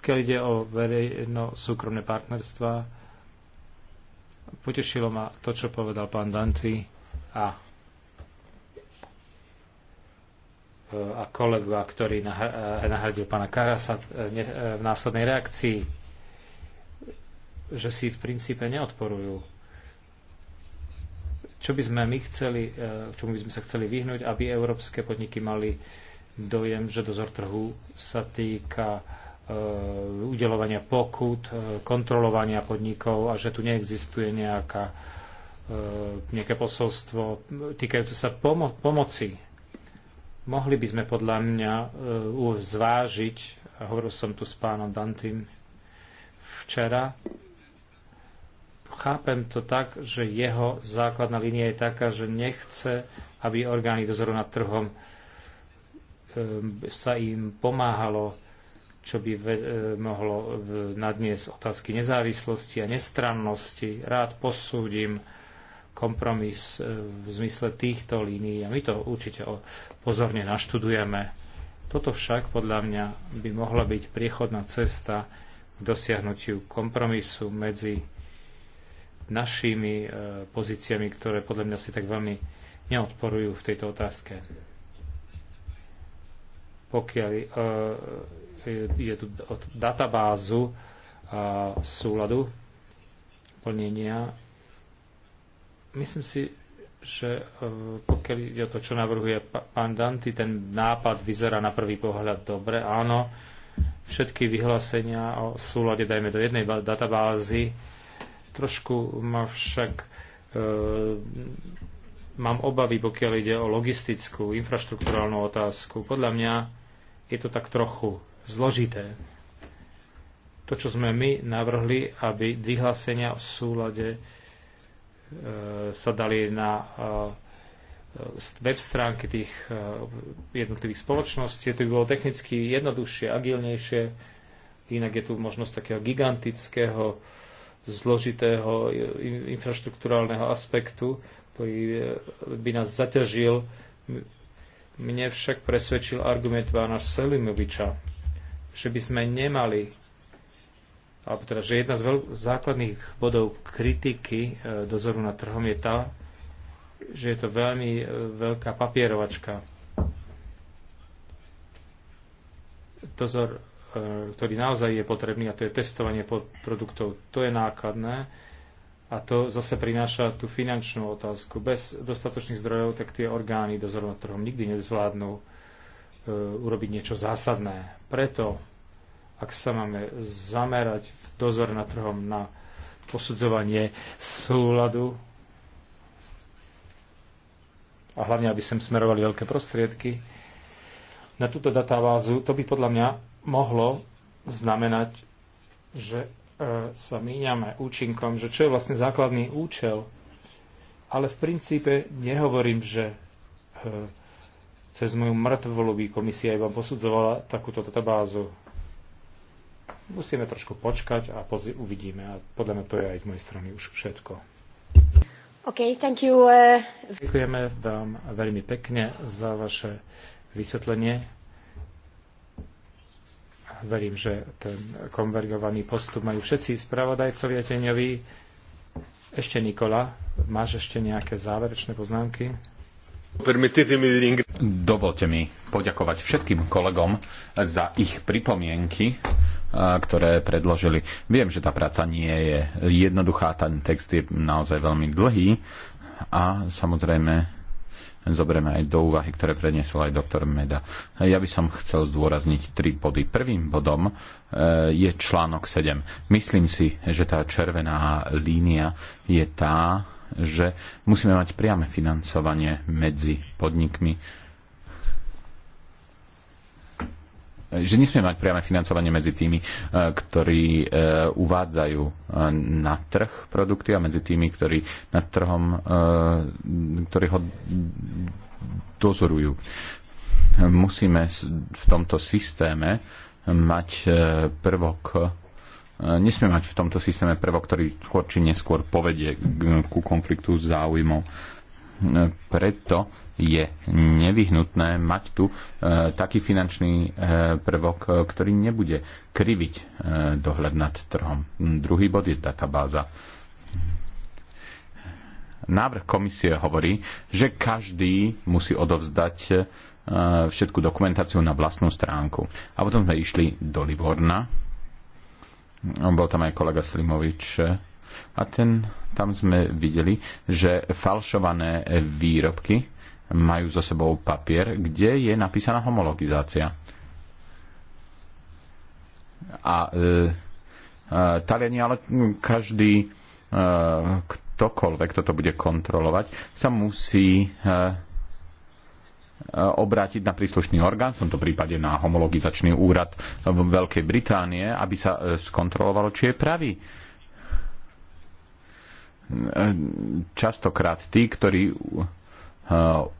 Pokiaľ ide o verejno-súkromné partnerstva, potešilo ma to, čo povedal pán Danci a a kolega, ktorý nahradil pána Karasa e, e, v následnej reakcii, že si v princípe neodporujú. Čo by sme my chceli, e, čomu by sme sa chceli vyhnúť, aby európske podniky mali dojem, že dozor trhu sa týka udelovania pokut, kontrolovania podnikov a že tu neexistuje nejaká, nejaké posolstvo týkajúce sa pomo- pomoci Mohli by sme podľa mňa e, zvážiť, hovoril som tu s pánom Dantým včera, chápem to tak, že jeho základná línia je taká, že nechce, aby orgány dozoru nad trhom e, sa im pomáhalo, čo by e, mohlo nadniesť otázky nezávislosti a nestrannosti. Rád posúdim kompromis e, v zmysle týchto línií a my to určite pozorne naštudujeme. Toto však podľa mňa by mohla byť priechodná cesta k dosiahnutiu kompromisu medzi našimi e, pozíciami, ktoré podľa mňa si tak veľmi neodporujú v tejto otázke. Pokiaľ e, je tu databázu súladu plnenia Myslím si, že e, pokiaľ ide o to, čo navrhuje pán Danty, ten nápad vyzerá na prvý pohľad dobre. Áno, všetky vyhlásenia o súlade dajme do jednej databázy. Trošku ma však e, mám obavy, pokiaľ ide o logistickú, infraštruktúrálnu otázku. Podľa mňa je to tak trochu zložité. To, čo sme my navrhli, aby vyhlásenia o súlade E, sa dali na e, web stránky tých e, jednotlivých spoločností. To by bolo technicky jednoduchšie, agilnejšie. Inak je tu možnosť takého gigantického, zložitého infraštruktúrálneho aspektu, ktorý by nás zaťažil. Mne však presvedčil argument Vána Selimoviča, že by sme nemali alebo teda, že jedna z základných bodov kritiky e, dozoru nad trhom je tá, že je to veľmi e, veľká papierovačka. Dozor, e, ktorý naozaj je potrebný, a to je testovanie produktov, to je nákladné a to zase prináša tú finančnú otázku. Bez dostatočných zdrojov, tak tie orgány dozoru nad trhom nikdy nezvládnu urobiť niečo zásadné. Preto ak sa máme zamerať v dozor na trhom na posudzovanie súladu a hlavne, aby sem smerovali veľké prostriedky, na túto databázu, to by podľa mňa mohlo znamenať, že e, sa míňame účinkom, že čo je vlastne základný účel. Ale v princípe nehovorím, že e, cez moju mŕtvolu by komisia iba posudzovala takúto databázu musíme trošku počkať a pozri, uvidíme. A podľa mňa to je aj z mojej strany už všetko. Okay, thank you. Uh, Ďakujeme vám veľmi pekne za vaše vysvetlenie. Verím, že ten konvergovaný postup majú všetci spravodajcovia teňoví. Ešte Nikola, máš ešte nejaké záverečné poznámky? Dovolte mi poďakovať všetkým kolegom za ich pripomienky ktoré predložili. Viem, že tá práca nie je jednoduchá, ten text je naozaj veľmi dlhý a samozrejme zoberieme aj do úvahy, ktoré predniesol aj doktor Meda. Ja by som chcel zdôrazniť tri body. Prvým bodom e, je článok 7. Myslím si, že tá červená línia je tá, že musíme mať priame financovanie medzi podnikmi že nesmie mať priame financovanie medzi tými, e, ktorí e, uvádzajú e, na trh produkty a medzi tými, ktorí nad trhom, ktorí ho dozorujú. Musíme v tomto systéme mať prvok nesmie mať v tomto systéme prvok, ktorý skôr či neskôr povedie ku konfliktu záujmov preto je nevyhnutné mať tu e, taký finančný e, prvok, e, ktorý nebude kriviť dohľad nad trhom. Druhý bod je databáza. Návrh komisie hovorí, že každý musí odovzdať všetku dokumentáciu na vlastnú stránku. A potom sme išli do Livorna. Bol tam aj kolega Slimovič, a ten, tam sme videli, že falšované výrobky majú so sebou papier, kde je napísaná homologizácia. A e, e, Taliani, ale každý, e, ktokoľvek, kto to bude kontrolovať, sa musí e, e, obrátiť na príslušný orgán, v tomto prípade na homologizačný úrad v Veľkej Británie, aby sa e, skontrolovalo, či je pravý. E, Eh, častokrát tí, ktorí eh,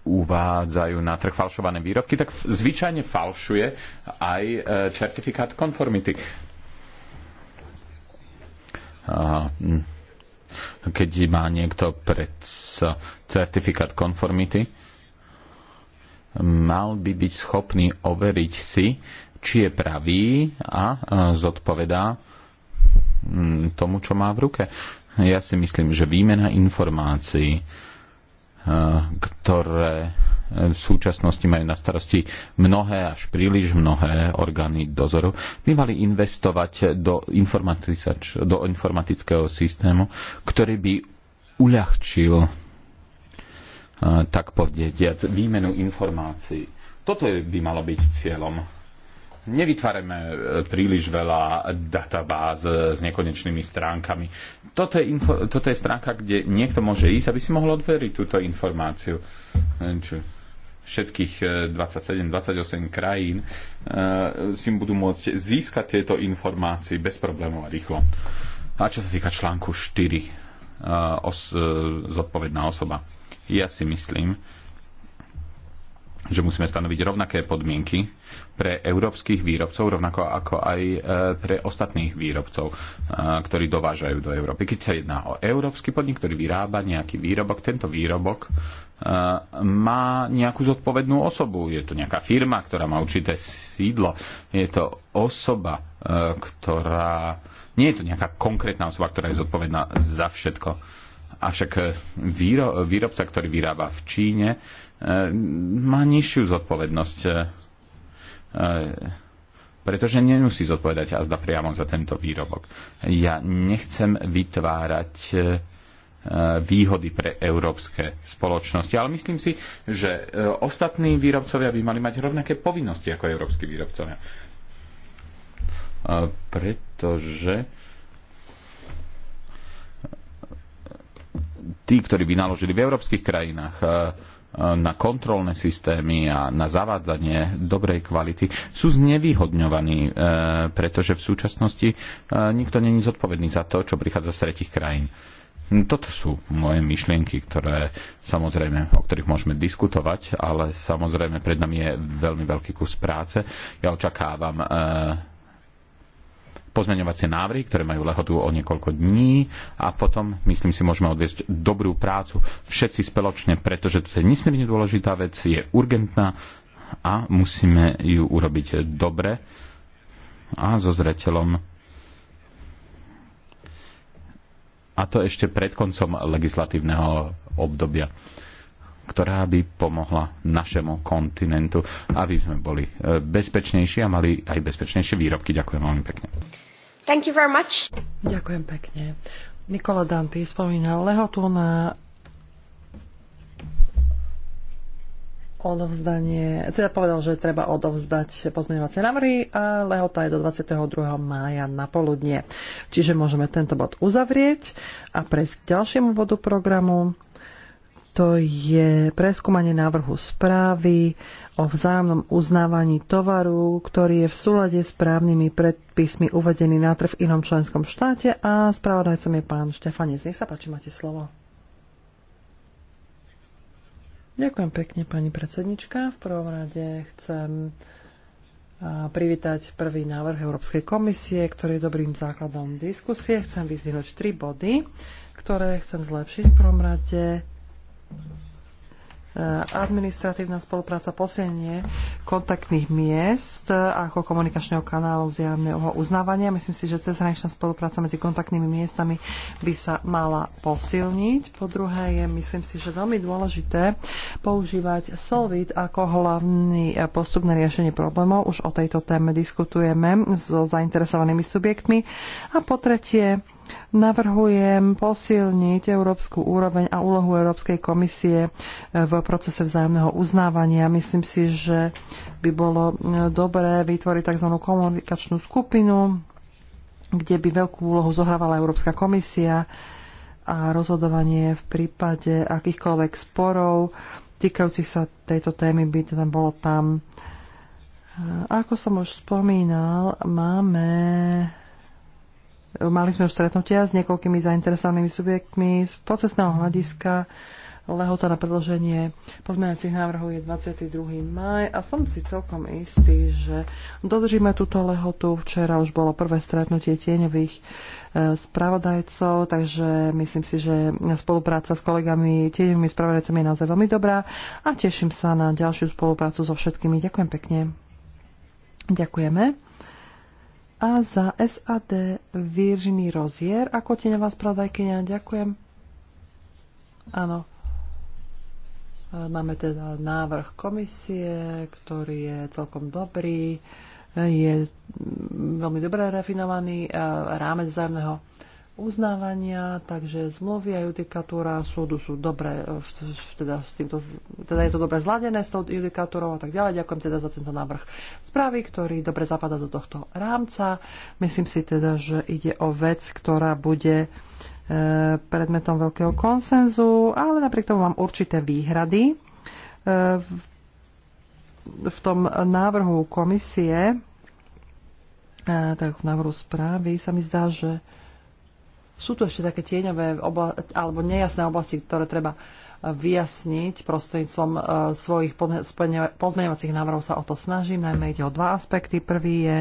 uvádzajú na trh falšované výrobky, tak zvyčajne falšuje aj eh, certifikát konformity. Hm. Keď má niekto pred certifikát konformity, mal by byť schopný overiť si, či je pravý a zodpovedá hm, tomu, čo má v ruke. Ja si myslím, že výmena informácií, eh, ktoré eh, v súčasnosti majú na starosti mnohé, až príliš mnohé orgány dozoru, by mali investovať do, do informatického systému, ktorý by uľahčil eh, tak povediať, výmenu informácií. Toto by malo byť cieľom nevytvárame e, príliš veľa databáz e, s nekonečnými stránkami. Toto je, info, toto je stránka, kde niekto môže ísť, aby si mohol odveriť túto informáciu. E, všetkých 27-28 krajín si budú môcť získať tieto informácie bez problémov a rýchlo. A čo sa týka článku 4, os, zodpovedná osoba, ja si myslím, že musíme stanoviť rovnaké podmienky pre európskych výrobcov, rovnako ako aj e, pre ostatných výrobcov, e, ktorí dovážajú do Európy. Keď sa jedná o európsky podnik, ktorý vyrába nejaký výrobok, tento výrobok e, má nejakú zodpovednú osobu. Je to nejaká firma, ktorá má určité sídlo. Je to osoba, ktorá... Nie je to nejaká konkrétna osoba, ktorá je zodpovedná za všetko Avšak eh, výro, výrobca, ktorý vyrába v Číne, eh, má nižšiu zodpovednosť, eh, pretože nemusí zodpovedať a zda priamo za tento výrobok. Ja nechcem vytvárať výhody pre európske spoločnosti. Ale myslím si, že ostatní výrobcovia by mali mať rovnaké povinnosti ako európsky výrobcovia. Pretože tí, ktorí by naložili v európskych krajinách e, e, na kontrolné systémy a na zavádzanie dobrej kvality, sú znevýhodňovaní, e, pretože v súčasnosti nikto není zodpovedný za to, čo prichádza z tretich krajín. Toto sú moje myšlienky, ktoré samozrejme, o ktorých môžeme diskutovať, ale samozrejme pred nami je veľmi veľký kus práce. Ja očakávam pozmeňovacie návrhy, ktoré majú lehotu o niekoľko dní a potom, myslím si, môžeme odviesť dobrú prácu všetci spoločne, pretože to je nesmierne dôležitá vec, je urgentná a musíme ju urobiť dobre a so zreteľom a to ešte pred koncom legislatívneho obdobia ktorá by pomohla našemu kontinentu, aby sme boli e, bezpečnejší a mali aj bezpečnejšie výrobky. Ďakujem veľmi pekne. Thank you very much. Ďakujem pekne. Nikola Danty spomínal lehotu na odovzdanie, teda povedal, že treba odovzdať pozmeňovacie návrhy a lehota je do 22. mája na poludnie. Čiže môžeme tento bod uzavrieť a prejsť k ďalšiemu bodu programu to je preskúmanie návrhu správy o vzájomnom uznávaní tovaru, ktorý je v súlade s právnymi predpismi uvedený na trh v inom členskom štáte a spravodajcom je pán Štefanec. Nech sa páči, máte slovo. Ďakujem pekne, pani predsednička. V prvom rade chcem privítať prvý návrh Európskej komisie, ktorý je dobrým základom diskusie. Chcem vyzdvihnúť tri body, ktoré chcem zlepšiť. V prvom rade Eh, administratívna spolupráca, posilnenie kontaktných miest ako komunikačného kanálu vzájomného uznávania. Myslím si, že cezhraničná spolupráca medzi kontaktnými miestami by sa mala posilniť. Po druhé je, myslím si, že veľmi dôležité používať Solvit ako hlavný postup na riešenie problémov. Už o tejto téme diskutujeme so zainteresovanými subjektmi. A po tretie, Navrhujem posilniť európsku úroveň a úlohu Európskej komisie eh, v procese vzájomného uznávania. Myslím si, že by bolo eh, dobré vytvoriť tzv. komunikačnú skupinu, kde by veľkú úlohu zohrávala Európska komisia a rozhodovanie v prípade akýchkoľvek sporov týkajúcich sa tejto témy by teda bolo tam. Eh, ako som už spomínal, máme Mali sme už stretnutia s niekoľkými zainteresovanými subjektmi z procesného hľadiska. Lehota na predloženie pozmeňacích návrhov je 22. maj a som si celkom istý, že dodržíme túto lehotu. Včera už bolo prvé stretnutie tieňových e, spravodajcov, takže myslím si, že spolupráca s kolegami tieňovými spravodajcami je naozaj veľmi dobrá a teším sa na ďalšiu spoluprácu so všetkými. Ďakujem pekne. Ďakujeme a za SAD Virginie Rozier ako teňová spravodajkynia. Ďakujem. Áno. E, máme teda návrh komisie, ktorý je celkom dobrý. E, je veľmi dobre refinovaný e, rámec vzájomného uznávania, takže zmluvy a judikatúra súdu sú dobre, e, teda, s týmto, teda je to dobre zladené s tou judikatúrou a tak ďalej. Ďakujem teda za tento návrh správy, ktorý dobre zapadá do tohto rámca. Myslím si teda, že ide o vec, ktorá bude e, predmetom veľkého konsenzu, ale napriek tomu mám určité výhrady. E, v tom návrhu komisie, e, tak v návrhu správy sa mi zdá, že sú tu ešte také tieňové obla- alebo nejasné oblasti, ktoré treba eh, vyjasniť prostredníctvom uh, svojich pozmeňovacích návrhov sa o to snažím. Najmä ide o dva aspekty. Prvý je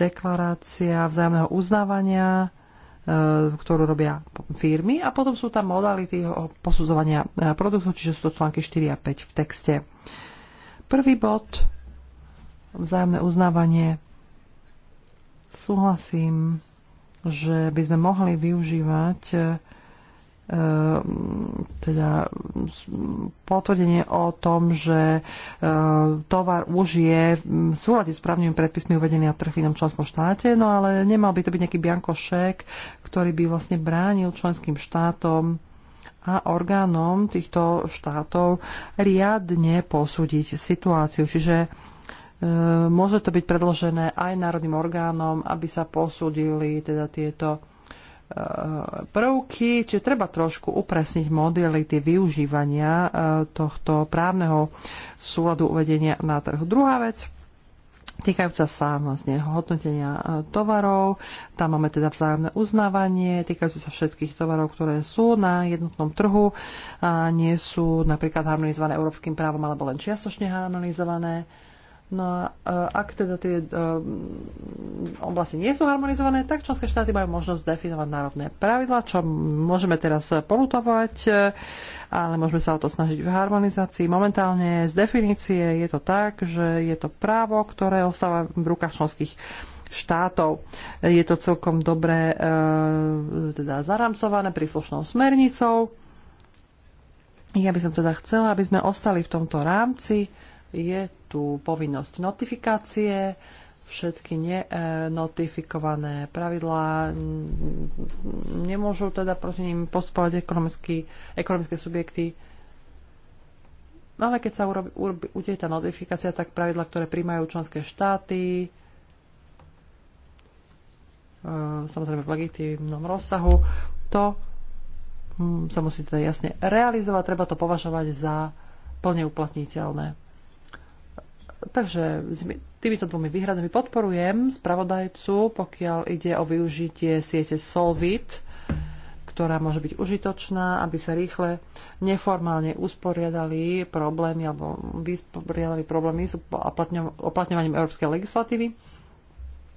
deklarácia vzájomného uznávania, uh, ktorú robia firmy a potom sú tam modality posudzovania produktov, čiže sú to články 4 a 5 v texte. Prvý bod, vzájomné uznávanie. Súhlasím že by sme mohli využívať e, teda potvrdenie o tom, že e, tovar už je v súlade s právnymi predpismi uvedený na trh v inom členskom štáte, no ale nemal by to byť nejaký biankošek, ktorý by vlastne bránil členským štátom a orgánom týchto štátov riadne posúdiť situáciu. Čiže E, môže to byť predložené aj národným orgánom, aby sa posúdili teda tieto e, prvky, čiže treba trošku upresniť modality využívania e, tohto právneho súladu uvedenia na trh. Druhá vec, týkajúca sa vlastne hodnotenia tovarov. Tam máme teda vzájomné uznávanie, týkajúce sa všetkých tovarov, ktoré sú na jednotnom trhu a nie sú napríklad harmonizované európskym právom alebo len čiastočne harmonizované. No a e, ak teda tie e, oblasti nie sú harmonizované, tak členské štáty majú možnosť definovať národné pravidla, čo môžeme teraz polutovať, e, ale môžeme sa o to snažiť v harmonizácii. Momentálne z definície je to tak, že je to právo, ktoré ostáva v rukách členských štátov. Je to celkom dobre teda zaramcované príslušnou smernicou. Ja by som teda chcela, aby sme ostali v tomto rámci. Je tú povinnosť notifikácie, všetky nenotifikované pravidlá nemôžu teda proti ním postupovať ekonomické subjekty. Ale keď sa urobi, urobi, udeje tá notifikácia, tak pravidlá, ktoré príjmajú členské štáty, e, samozrejme v legitímnom rozsahu, to hm, sa musí teda jasne realizovať, treba to považovať za plne uplatniteľné. Takže s týmito dvomi výhradami podporujem spravodajcu, pokiaľ ide o využitie siete Solvit, ktorá môže byť užitočná, aby sa rýchle neformálne usporiadali problémy alebo vysporiadali problémy s oplatňovaním európskej legislatívy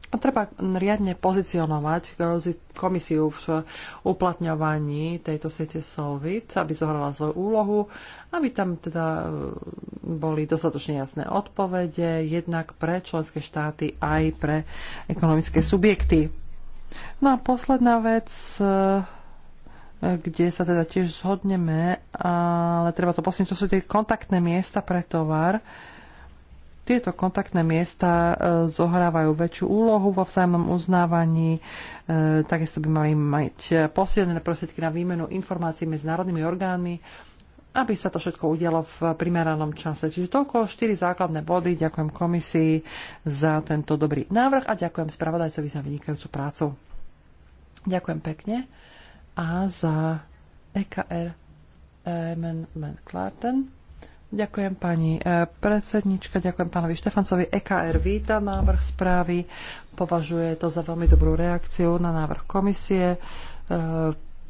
Treba riadne pozicionovať komisiu v uplatňovaní tejto siete Solvit, aby zohrala svoju úlohu, aby tam teda e, boli dostatočne jasné odpovede, jednak pre členské štáty aj pre ekonomické subjekty. No a posledná vec, e, kde sa teda tiež zhodneme, ale treba to posniť, to sú tie kontaktné miesta pre tovar. Uh, tieto kontaktné miesta e, zohrávajú väčšiu úlohu vo vzájomnom uznávaní, e, takisto by mali mať posilnené prostriedky na výmenu informácií medzi národnými orgánmi, aby sa to všetko udialo v primeranom čase. Čiže toľko štyri základné body. Ďakujem komisii za tento dobrý návrh a ďakujem spravodajcovi za vynikajúcu prácu. Ďakujem pekne a za EKR Eamon Clarten Ďakujem pani e, predsednička, ďakujem pánovi Štefancovi. EKR víta návrh správy, považuje to za veľmi dobrú reakciu na návrh komisie e,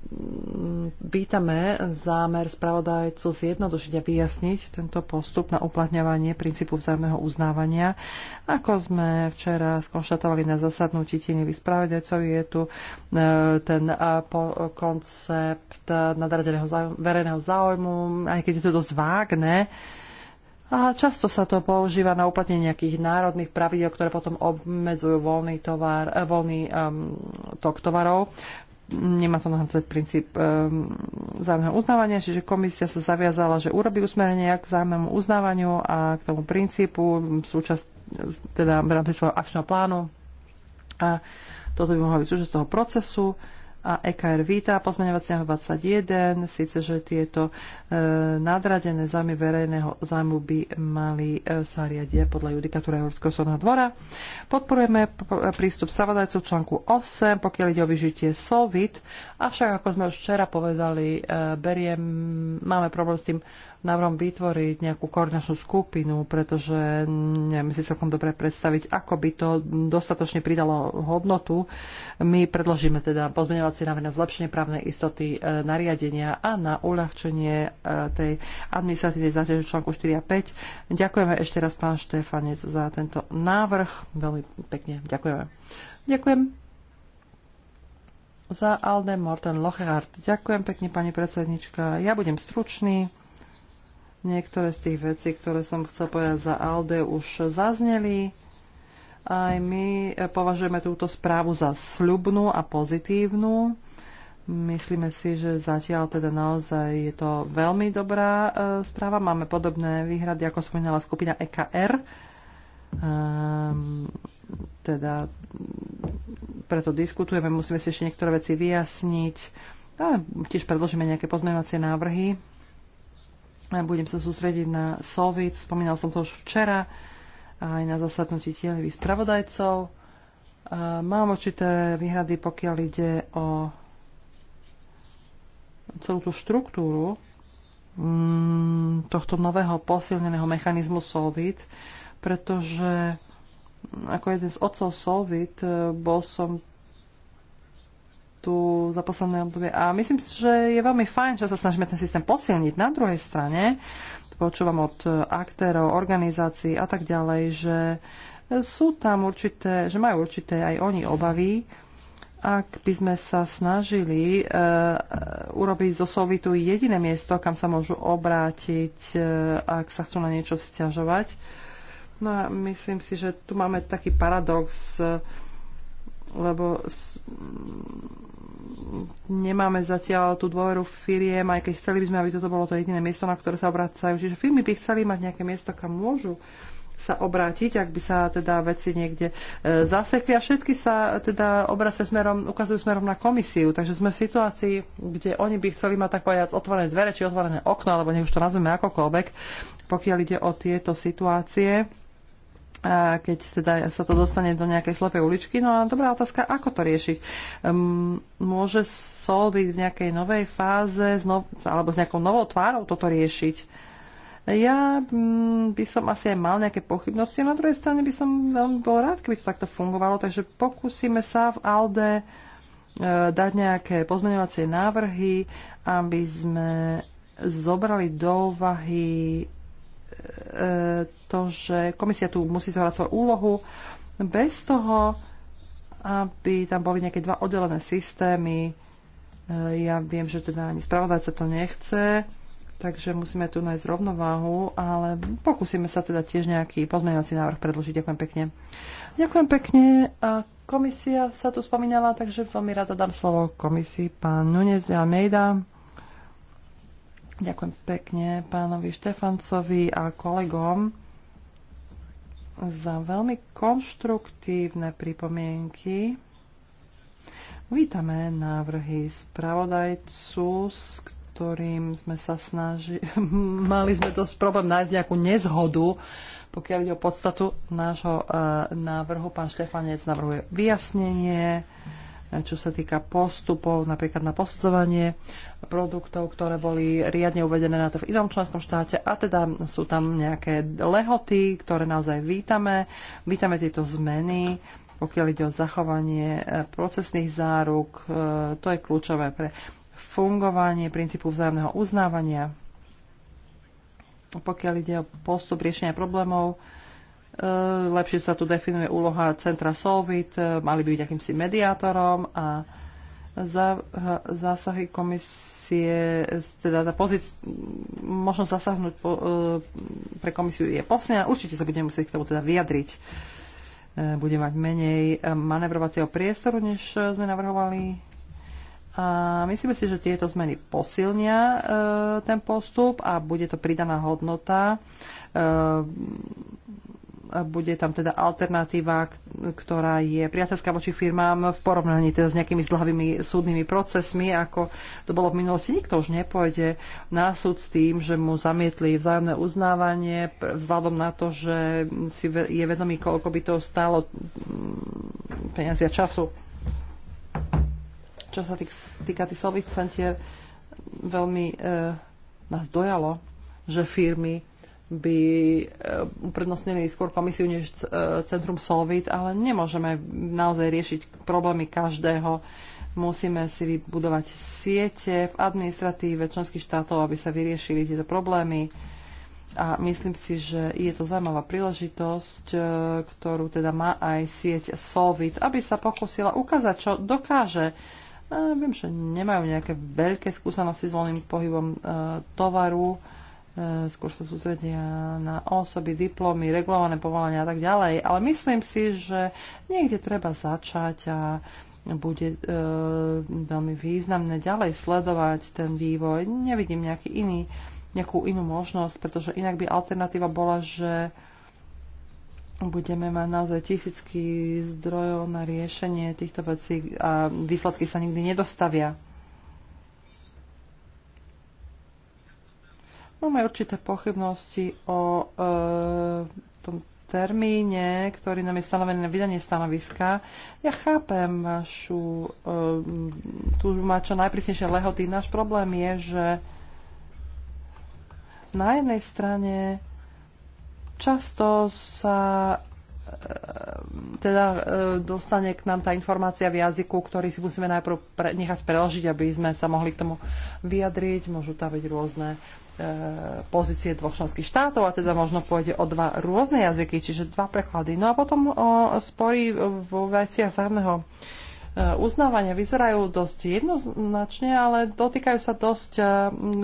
Mm, vítame zámer spravodajcu zjednodušiť a vyjasniť tento postup na uplatňovanie princípu vzájomného uznávania. Ako sme včera skonštatovali na zasadnutí tieňových spravodajcov, je tu e, ten e, koncept nadradeného verejného záujmu, aj keď je to dosť vágne, a často sa to používa na uplatnenie nejakých národných pravidel, ktoré potom obmedzujú voľný, tovar, e, voľný um, tok tovarov nemá to nahádzať princíp ehm, vzájomného uznávania, čiže komisia sa zaviazala, že urobí usmerenie k vzájomnému uznávaniu a k tomu princípu súčasť, teda v rámci svojho akčného plánu. A toto by mohlo byť súčasť toho procesu a EKR Vita, pozmeňovacia 21, síce, že tieto e, nadradené zájmy verejného zájmu by mali e, sa riadiť podľa judikatúry Európskeho súdneho dvora. Podporujeme prístup savadajcu v článku 8, pokiaľ ide o vyžitie SOVIT, avšak ako sme už včera povedali, e, beriem, máme problém s tým návrhom vytvoriť nejakú koordinačnú skupinu, pretože neviem si celkom dobre predstaviť, ako by to dostatočne pridalo hodnotu. My predložíme teda pozmeňovací návrh na zlepšenie právnej istoty e, nariadenia a na uľahčenie e, tej administratívnej záťaže článku 4 a 5. Ďakujeme ešte raz pán Štefanec za tento návrh. Veľmi pekne ďakujeme. Ďakujem za Alde Morten Lochehart. Ďakujem pekne, pani predsednička. Ja budem stručný. Niektoré z tých vecí, ktoré som chcel povedať za ALDE, už zazneli. Aj my považujeme túto správu za sľubnú a pozitívnu. Myslíme si, že zatiaľ teda naozaj je to veľmi dobrá e, správa. Máme podobné výhrady, ako spomínala skupina EKR. Ehm, teda preto diskutujeme, musíme si ešte niektoré veci vyjasniť. A tiež predložíme nejaké pozmeňovacie návrhy budem sa sústrediť na Solvit, spomínal som to už včera, aj na zasadnutí tieľových spravodajcov. Mám určité výhrady, pokiaľ ide o celú tú štruktúru mm, tohto nového posilneného mechanizmu Solvit, pretože ako jeden z otcov Solvit eh, bol som tu za posledné obdobie. A myslím, si, že je veľmi fajn, že sa snažíme ten systém posilniť. Na druhej strane, počúvam od e, aktérov, organizácií a tak ďalej, že sú tam určité, že majú určité aj oni obavy, ak by sme sa snažili uh, urobiť zo Sovitu jediné miesto, kam sa môžu obrátiť, uh, ak sa chcú na niečo stiažovať. No a myslím si, že tu máme taký paradox, uh, lebo nemáme zatiaľ tú dôveru firiem, aj keď chceli by sme, aby toto bolo to jediné miesto, na ktoré sa obracajú. Čiže firmy by chceli mať nejaké miesto, kam môžu sa obrátiť, ak by sa teda veci niekde e, zasekli a všetky sa teda obracajú smerom, ukazujú smerom na komisiu. Takže sme v situácii, kde oni by chceli mať tak povedať otvorené dvere či otvorené okno, alebo nech už to nazveme akokoľvek, pokiaľ ide o tieto situácie a keď teda sa to dostane do nejakej slepej uličky. No a dobrá otázka, ako to riešiť? Ehm, môže sol byť v nejakej novej fáze alebo s nejakou novou tvárou toto riešiť? Ja mm, by som asi aj mal nejaké pochybnosti, na druhej strane by som veľmi bol rád, keby to takto fungovalo, takže pokúsime sa v ALDE e, dať nejaké pozmeňovacie návrhy, aby sme zobrali do úvahy to, že komisia tu musí zohrať svoju úlohu bez toho, aby tam boli nejaké dva oddelené systémy. E, ja viem, že teda ani spravodajca to nechce, takže musíme tu nájsť rovnováhu, ale pokúsime sa teda tiež nejaký pozmeňovací návrh predložiť. Ďakujem pekne. Ďakujem pekne. A komisia sa tu spomínala, takže veľmi rada dám slovo komisii pán Nunez de Almeida. Ďakujem pekne pánovi Štefancovi a kolegom za veľmi konštruktívne pripomienky. Vítame návrhy spravodajcu, s ktorým sme sa snažili... [laughs] Mali sme dosť problém nájsť nejakú nezhodu, pokiaľ ide o podstatu nášho eh, návrhu. Pán Štefanec navrhuje vyjasnenie čo sa týka postupov napríklad na posudzovanie produktov, ktoré boli riadne uvedené na to v inom členskom štáte a teda sú tam nejaké lehoty, ktoré naozaj vítame. Vítame tieto zmeny, pokiaľ ide o zachovanie e, procesných záruk, e, to je kľúčové pre fungovanie princípu vzájomného uznávania. Pokiaľ ide o postup riešenia problémov, E, lepšie sa tu definuje úloha centra Solvit, e, mali by byť akýmsi mediátorom a za, e, zásahy komisie, teda tá pozic, možnosť zasahnuť po, pre komisiu je posnená, určite sa budeme musieť k tomu teda vyjadriť bude mať menej manevrovacieho priestoru, než sme navrhovali. A myslíme si, že tieto zmeny posilnia e, ten postup a bude to pridaná hodnota e, bude tam teda alternatíva, ktorá je priateľská voči firmám v porovnaní teda s nejakými zdlhavými súdnymi procesmi, ako to bolo v minulosti. Nikto už nepôjde na súd s tým, že mu zamietli vzájomné uznávanie vzhľadom na to, že si je vedomý, koľko by to stálo mm, peniazia času. Čo sa týka tých solvit centier, veľmi e, nás dojalo, že firmy by eh, uprednostnili skôr komisiu než eh, Centrum Solvit, ale nemôžeme naozaj riešiť problémy každého. Musíme si vybudovať siete v administratíve členských štátov, aby sa vyriešili tieto problémy. A myslím si, že je to zaujímavá príležitosť, eh, ktorú teda má aj sieť Solvit, aby sa pokusila ukázať, čo dokáže. Viem, že nemajú nejaké veľké skúsenosti s voľným pohybom tovaru, Eh, skôr sa sústredia na osoby, diplomy, regulované povolania a tak ďalej. Ale myslím si, že niekde treba začať a bude e, veľmi významné ďalej sledovať ten vývoj. Nevidím nejaký iný, nejakú inú možnosť, pretože inak by alternatíva bola, že budeme mať naozaj tisícky zdrojov na riešenie týchto vecí a výsledky sa nikdy nedostavia. Máme určité pochybnosti o e, tom termíne, ktorý nám je stanovený na vydanie stanoviska. Ja chápem vašu e, túžbu má čo najprísnejšie lehoty. Náš problém je, že na jednej strane často sa e, teda e, dostane k nám tá informácia v jazyku, ktorý si musíme najprv pre, nechať preložiť, aby sme sa mohli k tomu vyjadriť. Môžu tam byť rôzne E, pozície dvoch členských štátov a teda možno pôjde o dva rôzne jazyky, čiže dva preklady. No a potom o e, spory vo veciach zájomného e, uznávania vyzerajú dosť jednoznačne, ale dotýkajú sa dosť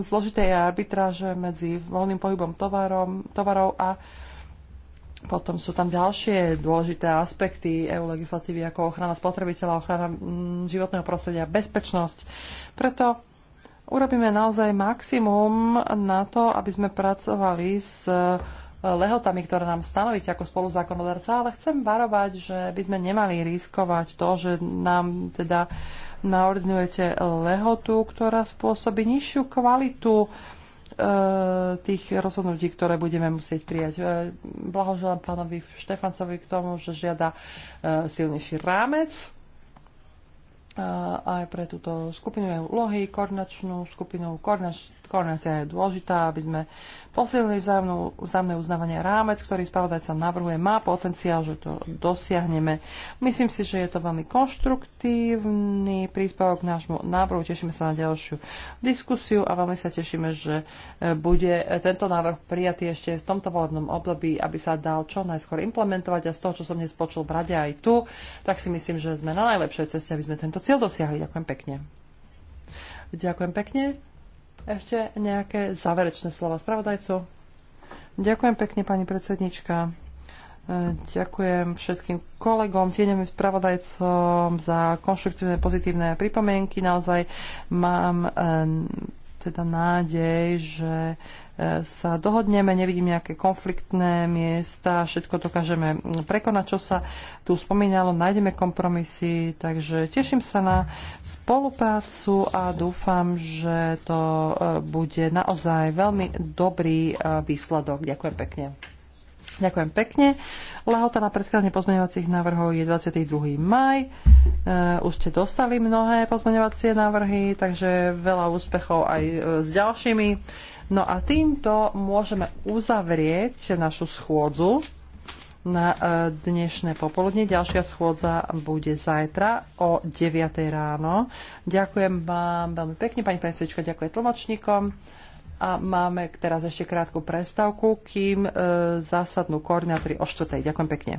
zložitej arbitráže medzi voľným pohybom tovarom, tovarov a potom sú tam ďalšie dôležité aspekty EU legislatívy ako ochrana spotrebiteľa, ochrana životného prostredia, bezpečnosť. Preto urobíme naozaj maximum na to, aby sme pracovali s e, lehotami, ktoré nám stanovíte ako spoluzákonodarca, ale chcem varovať, že by sme nemali riskovať to, že nám teda naordinujete lehotu, ktorá spôsobí nižšiu kvalitu e, tých rozhodnutí, ktoré budeme musieť prijať. E, blahoželám pánovi Štefancovi k tomu, že žiada e, silnejší rámec aj pre túto skupinu aj úlohy, koordinačnú skupinu, koordinač, koordinácia je dôležitá, aby sme posilili vzájomnú, vzájomné uznávanie rámec, ktorý spravodajca navrhuje, má potenciál, že to dosiahneme. Myslím si, že je to veľmi konštruktívny príspevok k nášmu návrhu. Tešíme sa na ďalšiu diskusiu a veľmi sa tešíme, že e, bude tento návrh prijatý ešte v tomto volebnom období, aby sa dal čo najskôr implementovať a z toho, čo som dnes počul v rade aj tu, tak si myslím, že sme na najlepšej ceste, aby sme tento cieľ dosiahli. Ďakujem pekne. Ďakujem pekne. Ešte nejaké záverečné slova spravodajcu. Ďakujem pekne, pani predsednička. E, ďakujem všetkým kolegom, tieňovým spravodajcom za konštruktívne pozitívne pripomienky. Naozaj mám e, teda nádej, že e, sa dohodneme, nevidím nejaké konfliktné miesta, všetko dokážeme prekonať, čo sa tu spomínalo, nájdeme kompromisy, takže teším sa na spoluprácu a dúfam, že to e, bude naozaj veľmi dobrý e, výsledok. Ďakujem pekne. Ďakujem pekne. Lahota na predkladne pozmeňovacích návrhov je 22. maj. E, už ste dostali mnohé pozmeňovacie návrhy, takže veľa úspechov aj e, s ďalšími. No a týmto môžeme uzavrieť našu schôdzu na e, dnešné popoludne. Ďalšia schôdza bude zajtra o 9. ráno. Ďakujem vám veľmi pekne, pani predsedička, ďakujem tlmočníkom a máme teraz ešte krátku prestávku, kým e, zasadnú koordinátori o štvrtej. Ďakujem pekne.